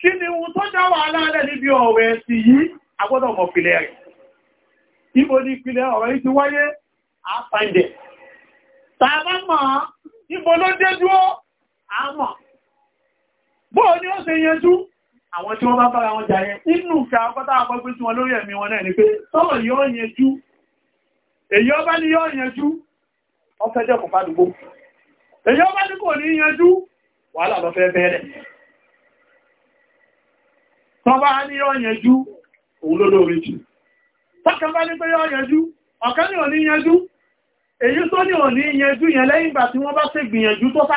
Speaker 1: kí ni ohun tó dá wà láàlẹ́ níbi ọ̀rẹ́ sí yìí agbọ́dọ̀ mọ̀ pìlẹ̀ rẹ̀ ibo ni ìpìlẹ̀ ọ̀rẹ́ yìí ti wáyé àpàǹdẹ̀ tàbá mọ̀ ibo ló dé dúró àmọ̀ bóò ni ó ṣe yanjú àwọn tí wọ́n bá bára wọn jàyẹn inú ìfẹ́ akọ́ta àpọ́gbé tí wọ́n lórí ẹ̀mí wọn náà ni pé sọ́rọ̀ yóò yanjú èyí ọba ni yóò yanjú ọfẹ́jẹ́ kò fàdúgbò èyí ọba ní kò ní yanjú wàhálà lọ fẹ́ bẹ̀rẹ̀ tọ́ bá ní yóò yanjú òun ló lórí jù tọ́kàn bá ní pé yóò yanjú ọ̀kan ní ò ní yanjú èyí tó ní ò ní yanjú yẹn lẹ́yìn ìgbà tí wọ́n bá ṣe gbìyànjú tó sá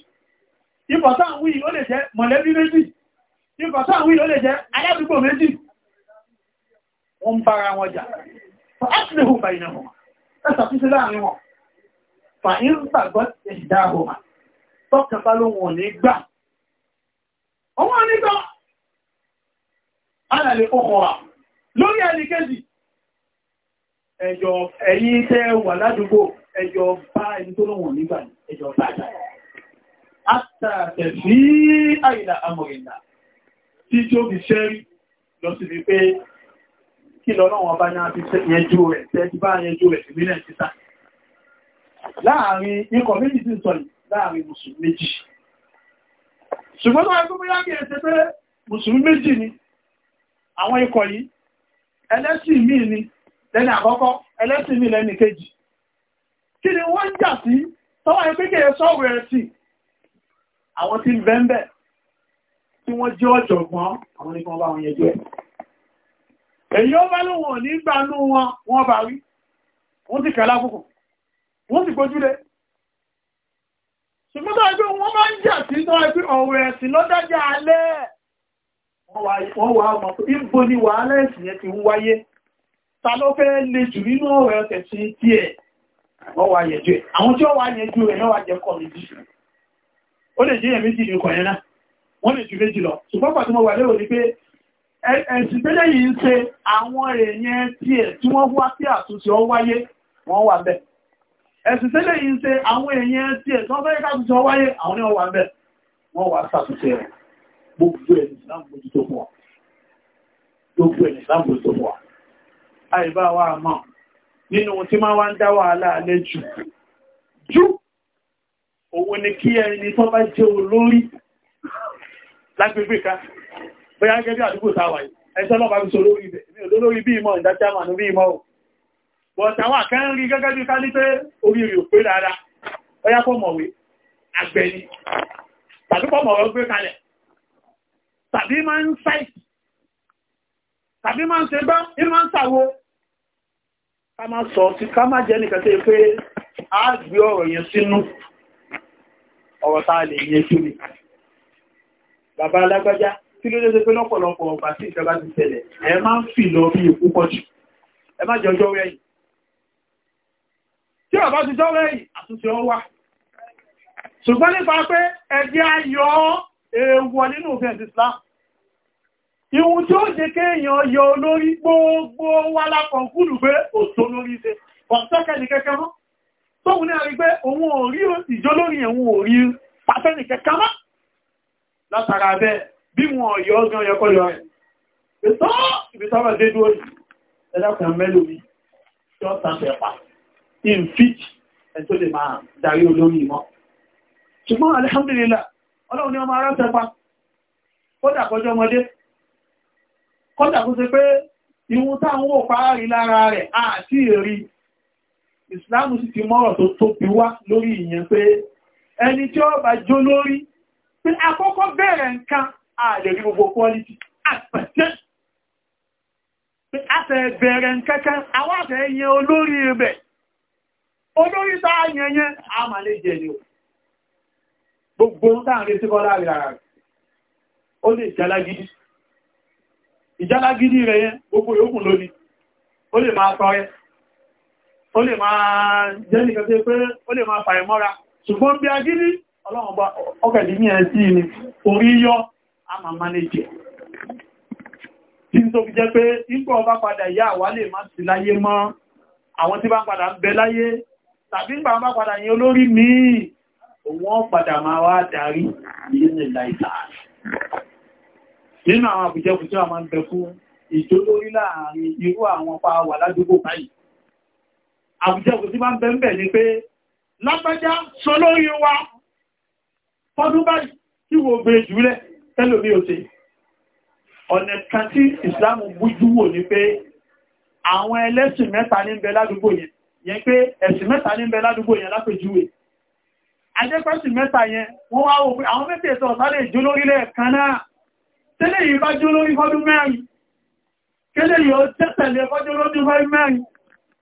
Speaker 1: ìfọ̀tá àwọn yìí ó lè jẹ́ mọ̀lẹ́bí méjì ìfọ̀tá àwọn yìí ó lè jẹ́ aládùúgbò méjì wọ́n ń bára wọn jà fa'aslihu bainahuma ẹ́sàtúnṣe láàrin wọn fa in gbàgbọ́ ihdahuma tọ́kẹta ló wọn ní gbà ọmọ nítọ́ alàlẹ̀ ọkọ̀ra lórí ẹnìkejì ẹjọ́ ẹ̀yí tẹ́ wà ládùúgbò ẹjọ́ bá ẹni tó lọ́wọ̀n nígbà ẹjọ́ bá jáyà àtàtẹ̀ sí àìlà amòrìnà tí tí ó fi ṣẹ́rí lọ sí bí pé kí lọ náà wọn bá náà fi yẹjú rẹ̀ tẹ́jú bá yẹjú rẹ̀ sí mílẹ̀ títà láàrin ikọ̀ méjì tí sọ láàrin mùsùlùmí méjì ṣùgbọ́n tó ẹgbẹ́ bóyá kí ẹ̀ṣẹ́ pé mùsùlùmí méjì ni àwọn ikọ̀ yìí ẹlẹ́sìn ni lẹ́ni àkọ́kọ́ ẹlẹ́sìn míì lẹ́ni kejì kí ni wọ́n jà àwọn tí ń bẹ́ńbẹ̀ tí wọ́n jẹ́ ọ̀jọ̀gbọ́n àwọn ní kan bá wọn yẹjọ́ èyí ó bá lóhun ní gbanú wọn wọ́n bá rí wọ́n ti kẹ́lá púpọ̀ wọ́n ti gbójúlé ṣùgbọ́n tó ẹgbẹ́ wọ́n máa ń jà sí náà ẹgbẹ́ ọ̀rọ̀ ẹ̀sìn lọ́dájá alẹ́ wọ́n wà ọmọ tó ìbò ní wàhálà ẹ̀sìn yẹn ti ń wáyé ta ló fẹ́ lè jù nínú ọ̀rọ̀ ẹ̀sìn tí ẹ̀ wọ́n wà yẹjú ẹ̀ àwọn tí ó wà yẹjú ẹ̀ náà wà jẹ́ kọ̀ọ̀lẹ́jì ó lè jẹ́yẹ̀ méjì ní ọkọ̀ ẹ̀nà wọ́n lè ju méjì lọ ṣùgbọ́n pàtó mọ́ wà lérò ní pé ẹ̀sìn tẹ́lẹ̀ yìí ń ṣe àwọn èèyàn tiẹ̀ tí wọ́n wá sí àtúnṣe ọ wáyé wọ́n wà bẹ́ẹ̀ ẹ̀sìn tẹ́lẹ̀ yìí ń ṣe àwọn èèyàn tiẹ̀ tí wọ́n fẹ́ káàtúnṣe ọ wa gbogbo ẹ̀ ń dá wàhálà alẹ́ jù òun ni kí ẹni tó bá jẹ́ olórí lágbègbè ká bóyá gẹ́gẹ́ bí àdúgbò táwà yìí ẹ̀ṣẹ́ lọ́pàá fi sọ lórí ibẹ̀ ní olórí bí ìmọ̀ ìdájámà ní bí ìmọ̀ bọ̀tàwà kẹ́rin rí gẹ́gẹ́ bí ká ní pé orí rí òpé dáadáa ọyá pọ̀ mọ̀wé àgbẹ̀ni tàbí pọ̀ mọ̀wé gbé kalẹ̀ tàbí máa ń sáìtì tàbí máa ń ṣe bá ní máa ń sàwo ká máa sọ sí ká má jẹ́ ọ̀rọ̀ táà lè yẹ tó ní bàbá alágbájá tí ló lẹ́sẹ̀ pé lọ́pọ̀lọpọ̀ ọgbà tí ìjọba ti tẹ̀lẹ̀ ẹ máa ń fi lọ bí ikú pọ̀ jù ẹ má jọjọ́ rẹ̀yìn tí bàbá ti jọ rẹ̀yìn àtúnṣe ọ wà ṣùgbọ́n nípa pé ẹgbẹ́ ayọ̀ èèwọ̀ nínú òfin ẹ̀sìn Islam ìhun tí ó jẹ kéèyàn yọ olórí gbogbo wà lápọ̀ kúrù pé òtò lórí ṣe kọ̀ọ̀tọ́kẹ́ ní kẹ́kẹ́ mọ́ tóhun ní àrí pé òun ò rí ìjọ lórí ẹ̀hun ò rí pàtẹ́nì kẹka mọ́ látara abẹ́ bí wọn ọ̀yọ́ ọgbọ̀n yọkọ́ yọ rẹ̀ ètò ibi tọ́rọ̀ dé dúró ẹ̀dàkùn mẹ́lòmí tí ó tàbẹ̀ pa in fitch ẹ̀ tó lè máa darí olórí mọ́ ṣùgbọ́n alhamdulillah ọlọ́run ni ọmọ ará tẹpa kódà kọjọ́ ọmọdé kódà kó ṣe pé ìwọ̀n táwọn ò parí lára rẹ̀ àti èrí ìsìláàmù sì ti mọ́rọ̀ tó tóbi wá lórí ìyẹn pé ẹni tí ó bá jó lórí pé àkọ́kọ́ bẹ̀rẹ̀ nǹkan ààlè rí gbogbo quality àpẹ̀tẹ́ pé a fẹ́ bẹ̀rẹ̀ nǹkankan àwọn àfẹ́ ni o gbogbo táà ń retí kọ́ láàrin ara rẹ̀ ó lè jálágídí ìjálágídí rẹ̀ yẹn gbogbo yókùn lónìí ó lè máa sọ rẹ̀ ó lè máa jẹ́ nìkan tí pé ó lè máa ṣùgbọ́n bí agídí ọlọ́run bá ẹ̀sí ni orí yọ́ a máa mánéjì tí tó fi jẹ́ pé ipò ọba padà yá àwá lè má sí láyé mọ́ àwọn tí bá ń padà ń bẹ láyé tàbí ń bá padà yẹn olórí míì wọ́n padà máa wá darí nínú ìlàìta nínú àwọn àbújẹ́kù tí wọ́n máa ń bẹ fún ìjólórí láàrin irú àwọn pa wà ládúgbò báyìí àwùjọ kò sí máa ń bẹ̀m̀bẹ̀ ni pé lápẹjá sọ lórí wa fọdún báyìí tí wo bèèrè jùlẹ̀ tẹ́lò ní òtè ọ̀nà kan tí ìsìláàmù bújú wò ní pé àwọn ẹlẹ́sìn mẹ́ta ní bẹ ládùúgbò yẹn yẹn pé ẹ̀sìn mẹ́ta ní bẹ ládùúgbò yẹn lápèjúwe ajẹ́pẹ́sìn mẹ́ta yẹn wọ́n wá wò pé àwọn mẹ́tẹ̀ẹ̀sọ̀ sálẹ̀ ìjó lórílẹ̀ kan náà tẹ́lẹ̀ yìí bá jó lórí fọdún mẹ́rin kẹ́lẹ̀ yìí ó tẹ́tẹ̀lẹ̀ fọdún lórí mẹ́rin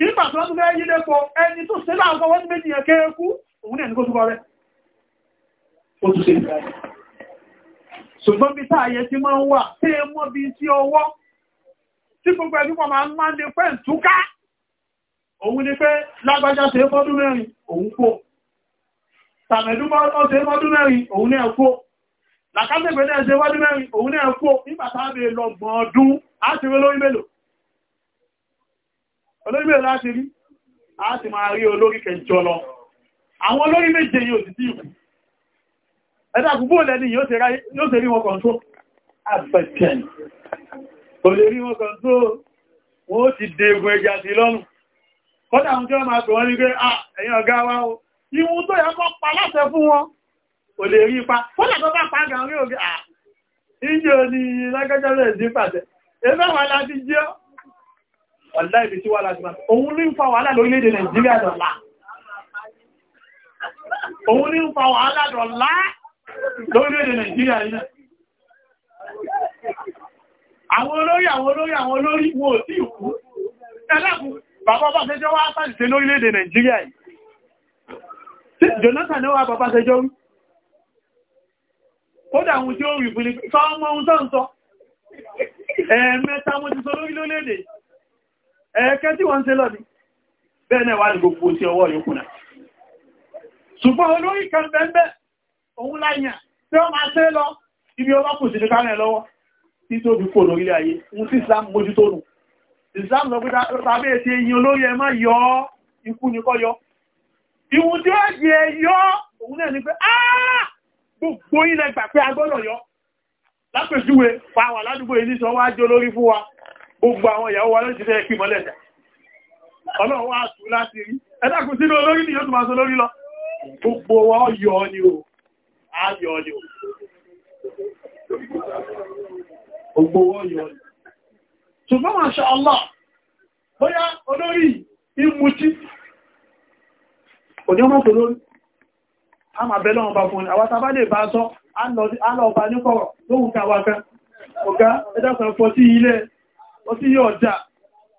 Speaker 1: nígbà tó tún fẹ́ yílé pọ̀ ẹni tó ṣe láàkọ́ wọ́n méjì yẹn kéèkú òun ẹni kó túbọ̀ rẹ̀ ó tún ṣe ṣùgbọ́n bí táàyẹ tí máa ń wà tí é mọ́ bí tí ọwọ́ tí gbogbo ẹbí pọ̀ máa ń máa ń lè fẹ́ ìtúká òun ni pé lágbájá ṣe fọ́dún mẹ́rin òun kó tàmẹ̀dúmọ́ ṣe fọ́dún mẹ́rin òun náà kó làkásẹ̀gbẹ̀ náà ṣe fọ́dún mẹ́rin òun náà kó nígbà táàbẹ̀ lọ́gbọ̀n ọdún á ti rẹ́ lórí mélòó olórí mẹ́rin láti rí a ti máa rí olórí kẹjọ lọ àwọn olórí méje yóò ti dìkù ẹ̀dà gbogbo lẹ́ni yóò ṣe rí wọn kọ̀ntó àbẹ̀kẹ̀ni kò lè rí wọn kọ̀ntó wọ́n ti dẹ̀gùn ẹja sí lọ́nù kọ́dà àwọn tí wọ́n máa pè wọ́n ní pé ah, ẹ̀yìn ọ̀gá wa o ìwọ̀n tó yẹ kọ́ pa láṣẹ fún wọn kò lè rí ipa kọ́dà tó bá pa gàrí ògì à ah, ìjọ ni lágbẹ́jọ́ rẹ̀ sí pàṣẹ ẹgbẹ́ wọn láti jẹ́ ọ̀lá ibi tí wà lágbà òun ní ń fa wàhálà lórílẹ̀-èdè Nàìjíríà dọ̀lá òun ní ń fa wàhálà dọ̀lá lórílẹ̀-èdè Nàìjíríà iná àwọn olórí àwọn olórí àwọn olórí wo sí ìkú ẹlẹ́kùn bàbá bá fẹ́jọ́ wá sáàdìsẹ́ lórílẹ̀-èdè Nàìjíríà yìí Jonathan náà wà bàbá fẹ́jọ́ rú kódà àwọn tí ó rí fún ní sọ ọmọ ohun tó ń sọ ẹ̀ẹ̀mẹ́ta mo ti sọ lórílẹ̀-èdè yìí ẹ̀ẹ́kẹ́ tí wọ́n ń ṣe lọ́dí bẹ́ẹ̀ náà wà ní gbogbo tí ọwọ́ yóò kùnà ṣùgbọ́n olórí kan bẹ́ẹ̀ òun láyà tí ó máa ṣe lọ ibi ọba kù sí ní kárẹ̀ lọ́wọ́ tí tó fi kò lórí ayé ń sí Islam mójútó nù Islam lọ pé tàbí ètì eyín olórí ẹ gbogbo àwọn ìyàwó wa lọ́jọ́ ẹ̀kí mọ́lẹ̀dà ọlọ́run wá láti rí ẹ̀dàkùn sínú olórí ni yóò tún máa sọ lórí lọ gbogbo wa yọ ni o a yọ gbogbo wa yọ ni ṣùgbọ́n ma ṣe bóyá òní a máa bá fún ni àwọn bá sọ lọ ó sì yóò dá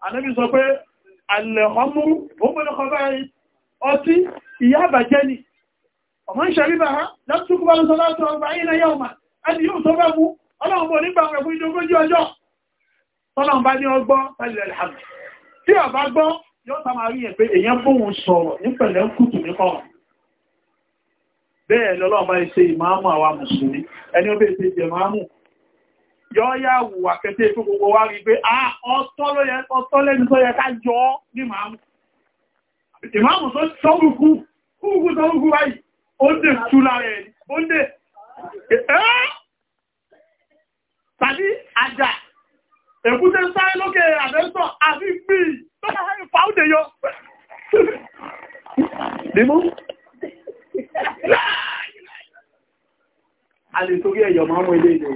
Speaker 1: ànábì sọ pé alẹ́ọmúrú òmìnirọ̀kọ̀báyìí ọtí ìyá àbàjẹ́ ni ọmọ ń ṣàríbà ha látúkúbá lọ́sọ látọ̀ ọgbà ayína yọ ọmọ ẹni yóò tó bá mú ọlọ́run bọ̀ nígbà ẹ̀fún ìdógójì ọjọ́ tọ́lọ́run bá ní ọgbọ́ pẹ̀lẹ̀ alhàmù tí ọba gbọ́ yóò tá máa rí ẹ̀ pé èèyàn bóhun sọ̀rọ̀ ní pẹ̀lẹ́ ń bẹ́ẹ̀ lọ́lọ́run bá ìmáàmù àwa mùsùlùmí ẹni ó bẹ́ẹ̀ ṣe jẹ̀máàmù yọ́yà wùwà kẹtẹ́ ikú gbogbo wá rí pé a ah, ọ̀tọ́ lẹ́nu tó yẹ ká jọ ọ́ ní màámù ìmáàmù tó sọ́rùkú kúrùkú sọ́rùkú báyìí ó dè túlá rẹ̀ ó dè ẹ́ tàbí àjà èkúté sáré lókè àdẹ́sọ̀ àti gbì fáúdé yọ dìmú a lè torí ẹ̀yọ̀ máa mú ilé ìdòwò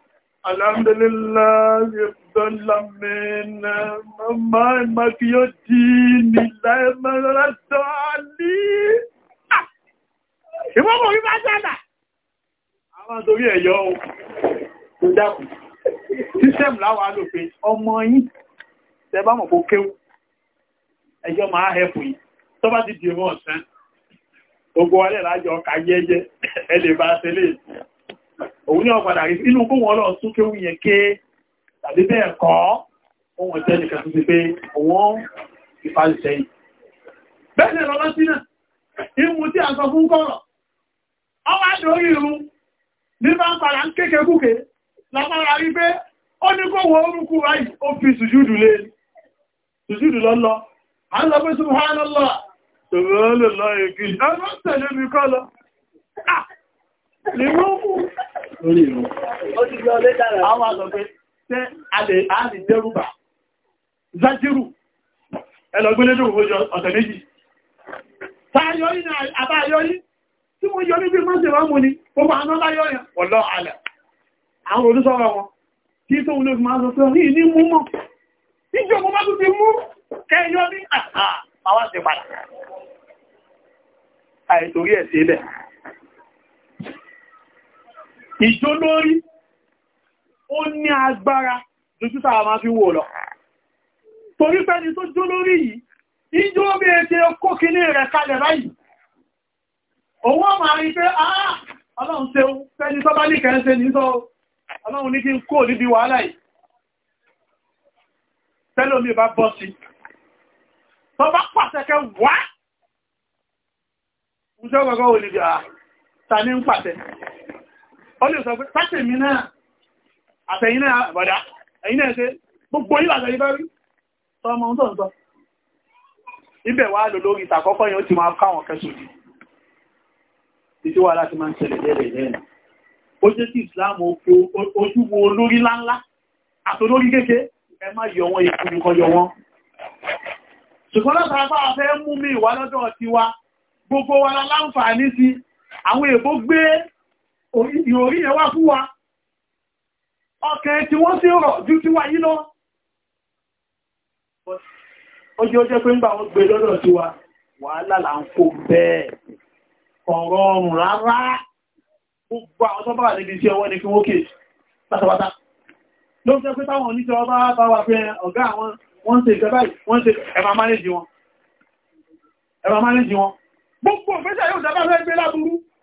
Speaker 1: Alhamdulillah dọ́lámẹ́nà mọ́mọ́ ìmọ̀kíyọ́tí nílá ẹmọ́lọ́lá sọ́ọ̀lì. Ìwọ́n mọ̀ wípá sádà. Àwọn torí ẹ̀yọ́ ò dákùn. Sísẹ́m láwà lópe, ọmọ yín, tẹ bá mọ̀ kó kéwú, ẹjọ́ máa hẹ́pù yìí, tọ́ bá ti dìrò ọ̀sán, gbogbo ọlẹ́ lájọ ọkà yẹ́jẹ́, òun ní ọ̀padà rí inú kó wọ́n lọ tún kéwú yẹn ké tàbí bẹ́ẹ̀ kọ́ ohun ẹ̀tẹ́ nìkan tó ti pé òun ìfàṣẹ́yìn bẹ́ẹ̀ lọ lọ́sí náà ìmú tí a sọ fún kọ́rọ̀ ọwá dórí irun ní bá ń padà ń kéèké kúkè lápára rí pé ó ní kó wọ orúkú ráì ó fi sùjúdù lé sùjúdù lọ́lọ́ a ń lọ Ah, subhanallah ṣòro lọ́lọ́ lórí ìrùn. Ó ti lọ lé dára. Àwọn àgbẹ̀ tẹ́ alẹ́ àmì dẹ́rùbà. Zájírù, ẹlọgbẹ́lẹ́dùn òjò ọ̀tẹ̀ méjì. Táyọ́rí ní àbáyọ́rí, tí mo yọ níbi máa ń tẹ̀wọ́ mú ni, gbogbo àná láyọ́rí, wọ̀lọ́ àlẹ̀. Àwọn olùsọ́rọ̀ wọn, tí tó wúlé máa sọ pé ní ní mú mọ́. Níjọ́ mo máa tún ti mú kẹyọ́ ní àhà, àwọn àti padà. Àìtorí ẹ̀ sí ilẹ̀ ìjó lórí ó ní agbára lójú sáà máa fi wò lọ torí pẹ́ni tó jó lórí yìí ìjó bí ẹ̀ṣẹ́ kókíní rẹ̀ kalẹ̀ báyìí òun ọmọ àrí pé àà ọlọ́run ṣe ó fẹ́ni tó bá nìkẹ́ ṣe ní tó ọlọ́run ní kí n kó níbi wàhálà yìí tẹ́lómi bá bọ́ sí tó bá pàtẹ́kẹ́ wá ìjọ́ gbogbo olùdíà ní ń pàtẹ́ ó lè sọ pé sátẹ̀mí náà àtẹ̀yìn náà àbàdà ẹ̀yìn náà ṣe gbogbo yín làtẹ̀yìn bá rí tọmọ ń tọ̀ntọ̀ ibẹ̀ wà lò lórí ìtàkọ́kọ́ yẹn ó ti máa káwọn kẹsùn títí wà láti máa ń ṣẹlẹ̀ lẹ́rẹ̀ lẹ́nu ó jẹ́ sí Islam ojú wo olórí láńlá àtolórí kéèké ẹ má yọ wọn ìkú nìkan yọ wọn ṣùgbọ́n látara bá fẹ́ mú mi ìwà lọ́dọ̀ tiwa gbogbo wa la láǹfààní sí àwọn èèbó gbé ìròrí yẹn wá fún wa ọkàn tí wọ́n sí rọ̀ ju ti wáyé lọ ọjọ́ ọjọ́ pé ń gbà wọ́n gbé lọ́dọ̀ sí wa wàhálà là ń kó bẹ́ẹ̀ ọ̀rọ̀ ọrùn rárá gbogbo àwọn tó bá wà níbi iṣẹ́ ọwọ́ ni kí wọ́n kè pátápátá ló ń jẹ́ pé táwọn oníṣẹ́ ọba bá wà fẹ́ gbogbo òfẹ́ṣẹ́ yóò dábà gbé láburú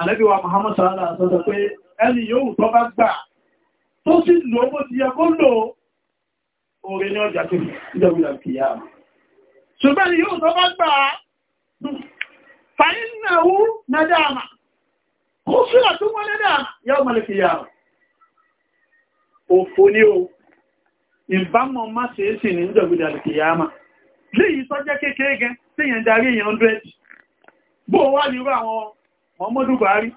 Speaker 1: àlẹ́bíwà Muhammad sọ́lá sọ́sọ́ pé ẹni yóò tọ́ bá gbà tó sì lò ó ti yẹ kó lò oore ní ọjà tó ìjọba kìíyà ṣùgbọ́n yóò tọ́ bá gbà fàínàwó nádàmà kó sílà tó mọ́ nádàmà yóò mọ́lẹ̀ kìíyà òfò ní o ìbámọ̀ má ṣe é sì ní ìjọba kìíyà léyìí sọ́jẹ́ kékeré gẹn Muhammadu Buhari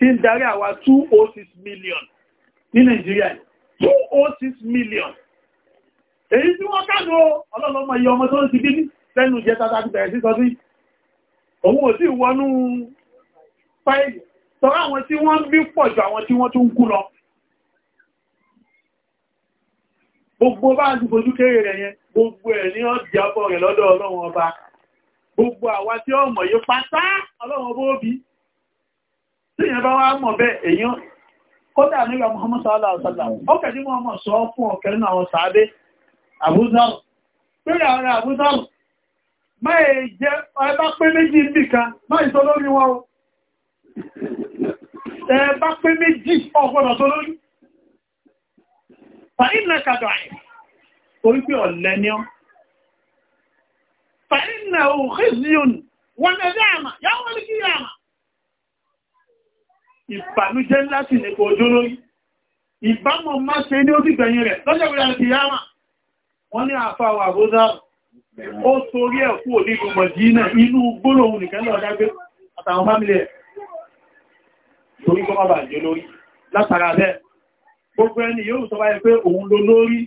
Speaker 1: tí ń darí àwa 206 million ní Nigeria. 206 million èyí tí wọ́n kánú ọlọ́lọ́mọ iye ọmọ tó ń ti bí ní lẹ́nu jẹ́ tata ti bẹ̀rẹ̀ sí sọ sí òun ò sí wọnú fáìlì tọ́rọ àwọn tí wọ́n ń bí pọ̀ jù àwọn tí wọ́n tún kú lọ gbogbo bá ti fojú kéré rẹ̀ yẹn gbogbo ẹ̀ ní ọjà ọbọ̀ rẹ̀ lọ́dọ̀ ọlọ́run ọba gbogbo àwa tí ọmọ yìí pátá ọlọ́run ọba ó bí tí ìyẹn bá wá mọ̀ bẹ́ èyàn kódà nígbà Muhammad sallallahu alaihi wasallam ó kẹ̀dí wọn mọ̀ sọ fún ọ̀kẹ́ nínú àwọn sàádé àbúzáàrù pé àwọn àbúzáàrù máa jẹ́ ẹbá pé méjì fàínà kàdọ̀ àyè torí pé ọ̀lẹ́ ni ọ́ fàínà òkèzíòn wọn ẹ̀dá àmà yáwọn ní kí yá àmà ìbànújẹ́ ńlá sì ní kò ojú lórí ìbámọ̀ má ṣe ní ó dìgbẹ̀yìn rẹ̀ lọ́jọ́ ìrìn àti yáwà wọ́n ní àfàwà àbúzá ó torí ẹ̀ kú òní gbogbo jìnà inú gbólóhùn nìkan lọ dágbé àtàwọn fámílì ẹ̀ torí kọ́ bàbà jẹ́ lórí látara bẹ́ẹ̀ gbogbo ẹni yóò sọ báyẹ pé òun lo lórí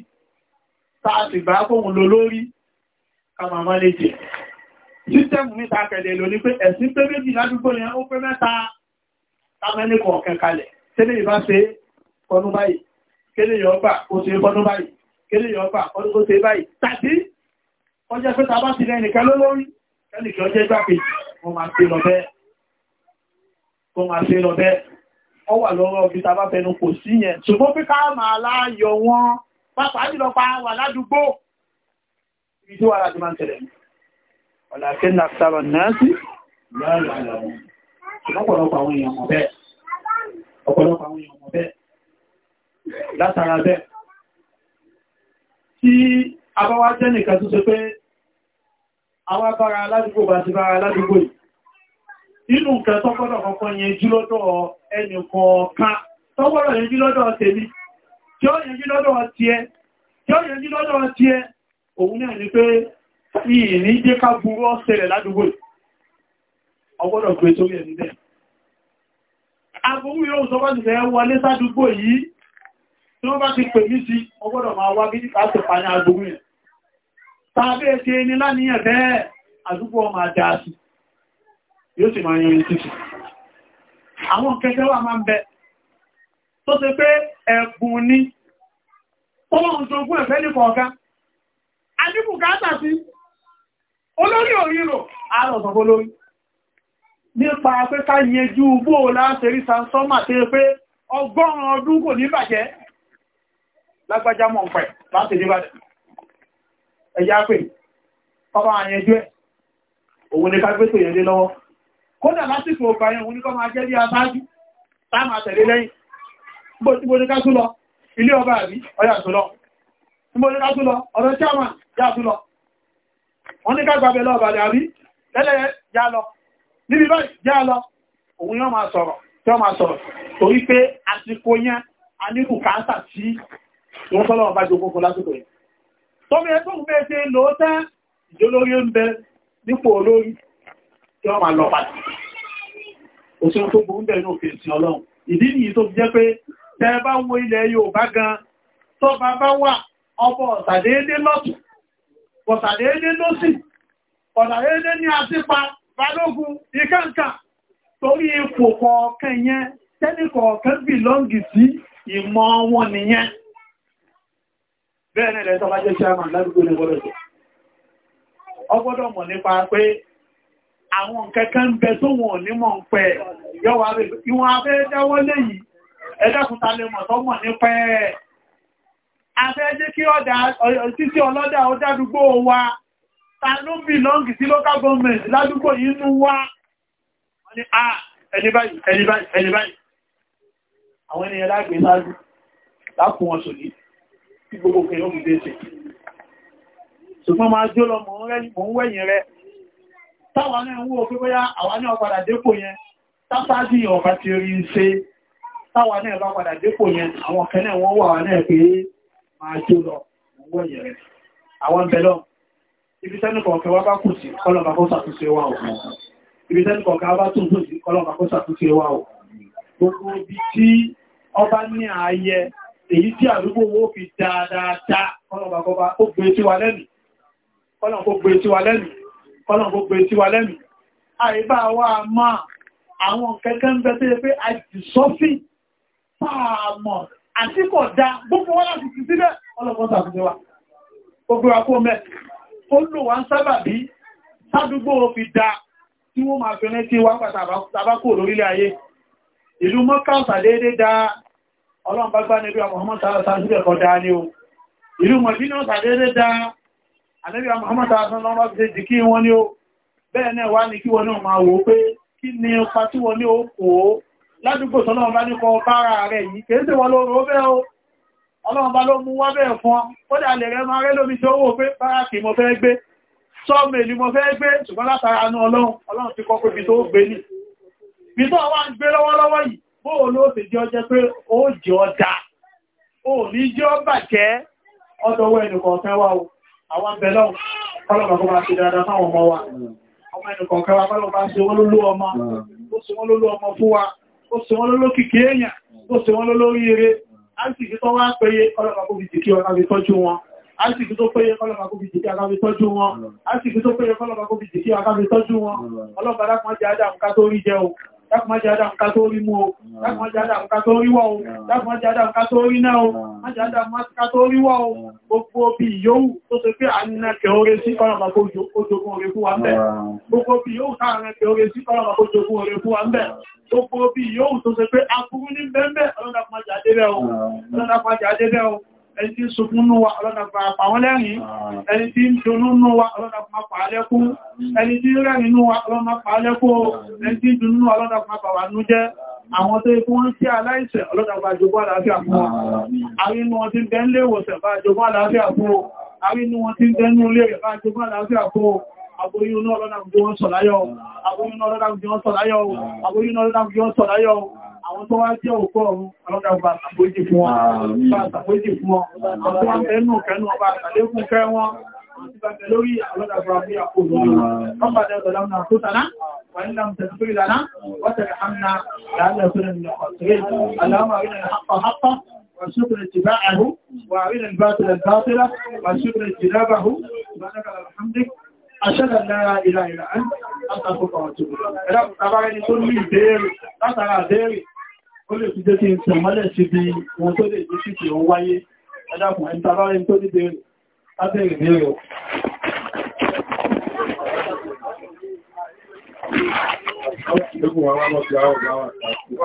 Speaker 1: tábẹ́lì kọ̀ọ̀kan kalẹ̀ tẹ́lẹ̀ ìbá ṣe fọnú báyìí kéde yọ gbà ó ṣe fọnú báyìí kéde yọ gbà ó ṣe báyìí tàbí ọjọ́ pé ta bá ti rẹ nìkan lólórí ẹnìkan ọjọ́ ìgbàkejì wọ́n máa ṣe lọ bẹ́ẹ̀ wọ́n máa ṣe lọ bẹ́ẹ̀ ọ wà lọ́rọ̀ bí ta bá fẹnu kò sí yẹn ṣùgbọ́n pé ká máa láyọ wọn pàápàá jùlọ pa wà ládùúgbò ibi tí wà láti máa ń tẹ̀lẹ̀ ọ̀làkẹ́ lọ́pọ̀lọpọ̀ àwọn èèyàn mọ̀ bẹ́ẹ̀ ọ̀pọ̀lọpọ̀ àwọn èèyàn mọ̀ bẹ́ẹ̀ látara bẹ́ẹ̀ tí abáwá jẹ́ nìkan tó ṣe pé àwọn abára aládùúgbò bá ti bára aládùúgbò yìí inú nǹkan tọ́gbọ́dọ̀ kankan yẹn jú lọ́dọ̀ ẹnì kọ̀ọ̀kan tọ́gbọ́dọ̀ yẹn jú lọ́dọ̀ tèmi tí ó yẹn jú ọgbọ́dọ̀ gbé torí ẹni bẹ́ẹ̀. Agbóhùn yóò sọ bá ti wọlé sádúgbò yìí tí wọ́n bá ti pè mí sí ọgbọ́dọ̀ máa wá bí pa ní agbóhùn yẹn. Tàbí ẹ̀ ṣe láníyàn bẹ́ẹ̀ àdúgbò ọmọ àjá sí, yóò sì máa títì. Àwọn kẹ́kẹ́ wà máa ń bẹ tó ṣe pé ẹ̀bùn ni, ẹ̀fẹ́ sí, olórí àárọ̀ nípa pé ká yẹjú ugbó láńtẹ̀rí sansọ́mà tí pé ọgọ́rùn ọdún kò ní bàjẹ́ lágbàjá mọ̀ pẹ̀ láti ní bàjẹ́ ẹ̀yà pé ọba àyẹjú ẹ̀ òun ní ká gbé tó yẹ̀lé lọ́wọ́ kódà lásìkò ọgbàyàn òun ní kọ́ máa jẹ́ bí aṣáájú táàmà tẹ̀lé lẹ́yìn gbogbo ní ká tún lọ ilé ọba àbí ọyà tún lọ gbogbo ní ká tún lọ ọ̀rọ̀ níbi báyìí já lọ òun yóò máa sọ̀rọ̀ tí ó máa sọ̀rọ̀ torí pé àsìkò yẹn a ní bùkátà tí wọ́n tọ́lọ̀ ọba jogun fún lásìkò yẹn tọ́mí ẹ tó ń bẹ́ẹ̀ ṣe lóòótá ìjólórí ń bẹ nípò olórí tí ó máa lọ pàtàkì òṣèlú tó burú bẹ̀rẹ̀ náà fèsì ọlọ́run ìdí nìyí tó fi jẹ́ pé tẹ bá wo ilẹ̀ Yorùbá gan tó bá bá wà ọbọ̀ ọ̀sàdéédé lọ́tù ọ̀sàdéédé lọ́sì ọ̀sàdéédé ní àtípa balógun ìkànkà torí ipò kọ̀ọ̀kan yẹn tẹ́nì kọ̀ọ̀kan bí lọ́ngì sí ìmọ̀ wọn nìyẹn bẹ́ẹ̀ nílẹ̀ tọ́bá jẹ́ chairman lárúgbó ní gbọ́dọ̀ jẹ́ ọgbọ́dọ̀ mọ̀ nípa pé àwọn kẹ́kẹ́ ń bẹ tó wọn ní mọ̀ ń pẹ́ yọ́wà rẹ̀ ìwọ̀n abẹ́ dáwọ́ léyìí ẹ̀dàkùnta lè mọ̀ tó mọ̀ nípa ẹ̀ abẹ́ jẹ́ kí ọ̀dà títí ọlọ́dà ó dádúgbò wa ta ló belong sí local government ládùúgbò inú wá wọ́n ni ah ẹni báyìí ẹni báyìí ẹni báyìí àwọn ènìyàn lágbé lágbé lákùn wọn sòdí tí gbogbo kẹyàn fi dé ṣe ṣùgbọ́n máa jó lọ mọ̀ ń wẹ̀yìn rẹ táwọn náà ń wó pé bóyá àwọn náà padà dépò yẹn tápájì ọ̀pá ti rí ń ṣe táwọn náà bá padà dépò yẹn àwọn kẹ́ náà wọ́n wà náà pé máa jó lọ mọ̀ ń wẹ̀yìn rẹ àwọn bẹ̀lọ́n ibi tẹ́nìkọ̀ọ̀kẹ́ wá bá kù sí kọlọ̀bà kó sàtúnṣe wà ò ibi tẹ́nìkọ̀ọ̀kẹ́ wá tún tó sí kọlọ̀bà kó sàtúnṣe wà ò gbogbo ibi tí ọba ní ààyẹ èyí tí àdúgbò wó fi dáadáa kọlọ̀bà kó gbé tí wa lẹ́mì àìbá wa máa àwọn kẹ́kẹ́ ń bẹ́tẹ́ pé àìsọ́fì pààmọ̀ àti kọ̀ dá gbogbo wọ́n láti ti sílẹ̀ ọlọ́pọ̀ sàtúnṣe wa gbogbo akó mẹ́ ó lò wá ń sábàbí sádúgbò fi da tí wọ́n máa fi rántí wá pàtà àbákò lórílẹ̀ ayé ìlú mọ́ká sàdédé da ọlọ́mbágbá níbi Muhammad sàdédé kọ dáa ní o ìlú mọ̀dínà sàdédé da àníbi Muhammad sàdédé lọ́wọ́ fi ṣe kí wọ́n ní o bẹ́ẹ̀ náà wá ní kí wọ́n náà máa wò pé kí ni ọpa tí wọ́n ní ó kò ó ládùúgbò sọ́nà ọba nípa ọba ara rẹ̀ yìí kèé sí wọn lóòrò bẹ́ẹ̀ o ọlọ́run bá ló mú wá bẹ́ẹ̀ fún ọ ó dà lè rẹ máa rẹ lómi tí ó wò pé báràkì mo fẹ́ gbé sọ́ọ̀mẹ̀ ni mo fẹ́ gbé ṣùgbọ́n látara anú ọlọ́run ọlọ́run ti kọ́ pé bí gbé ní bí sì o àwọn abẹ́lọ́ ọlọ́run wa ọmọ ẹnìkọ̀ọ̀kan wa kọ́lọ́ bá ṣe wọ́n lólú ọmọ ó ṣe wọ́n lólú ọmọ fún wa ó ṣe wọ́n lólókìkí èèyàn ó ṣe wọ́n lólórí eré àìsìkí tó wá péye ọlọ́pàá kó fi jìkí ọlọ́pàá fi tọ́jú wọn àìsìkí tó péye ọlọ́pàá kó fi jìkí ọlọ́pàá fi tọ́jú wọn àìsìkí tó péye ọlọ́pàá kó fi jìkí ọlọ́pàá fi tọ́jú wọn ọlọ́pàá dákùn ọjà ádámù ká tó rí jẹun dákùnmájá dákùn ká tó rí mú o dákùnmájá dákùn ká tó rí wọ́ o dákùnmájá dákùn ká tó rí náà o májá dákùn ká tó rí wọ́ o gbogbo bí yóò tó ṣe pé àníkẹ́ oore sí kọ́lọ̀mà kó jogún oore fún wa ń bẹ̀ gbogbo bí yóò káàrẹ́kẹ́ oore sí kọ́lọ̀mà kó jogún ní bẹ́ẹ̀ bẹ́ẹ̀ ọlọ́dàkùnmájá débẹ̀ ẹni tí ń sunkún ní wa ọlọ́dàpá àpàwọn lẹ́rin ẹni tí ń dunú ní wa ọlọ́dàpá pàálẹ́kún ẹni tí rẹ̀rin ní wa ọlọ́dàpá lẹ́kún ẹni tí dunú ọlọ́dàpá pàwànú jẹ́ àwọn tó ikú wọ́n sí aláìsẹ̀ ọlọ́dàpá àjogún àlàáfíà fún wa àrínú wọn ti bẹ́ ń lé ìwòsàn bá àjogún àlàáfíà fún sọ̀láyọ̀ àwọn tó wá jẹ́ òkú ọ̀run ọlọ́dàgbà àpójì fún wọn àpójì fún wọn tó wá ẹnu kẹnu ọba àlékún kẹ wọn lórí ọlọ́dàgbà bí àpòrò ọmọdé ọ̀dọ̀lọ́nà tó tàná وإن لم تغفر لنا وترحمنا لأننا كنا من الخاسرين اللهم أرنا الحق حقا وارزقنا اتباعه وأرنا الباطل الباطل وارزقنا اجتنابه سبحانك الحمد aṣẹ́lẹ̀ lára ìlà ìlà ẹ́ látàkùnkọ̀ ọ̀tún. Ẹ̀dá ó lè fi jẹ́ kí n tàn mọ́lẹ̀ sí bí wọn tó lè jẹ́ síkì òun wáyé ẹ̀dàkùn
Speaker 2: ẹni tàbá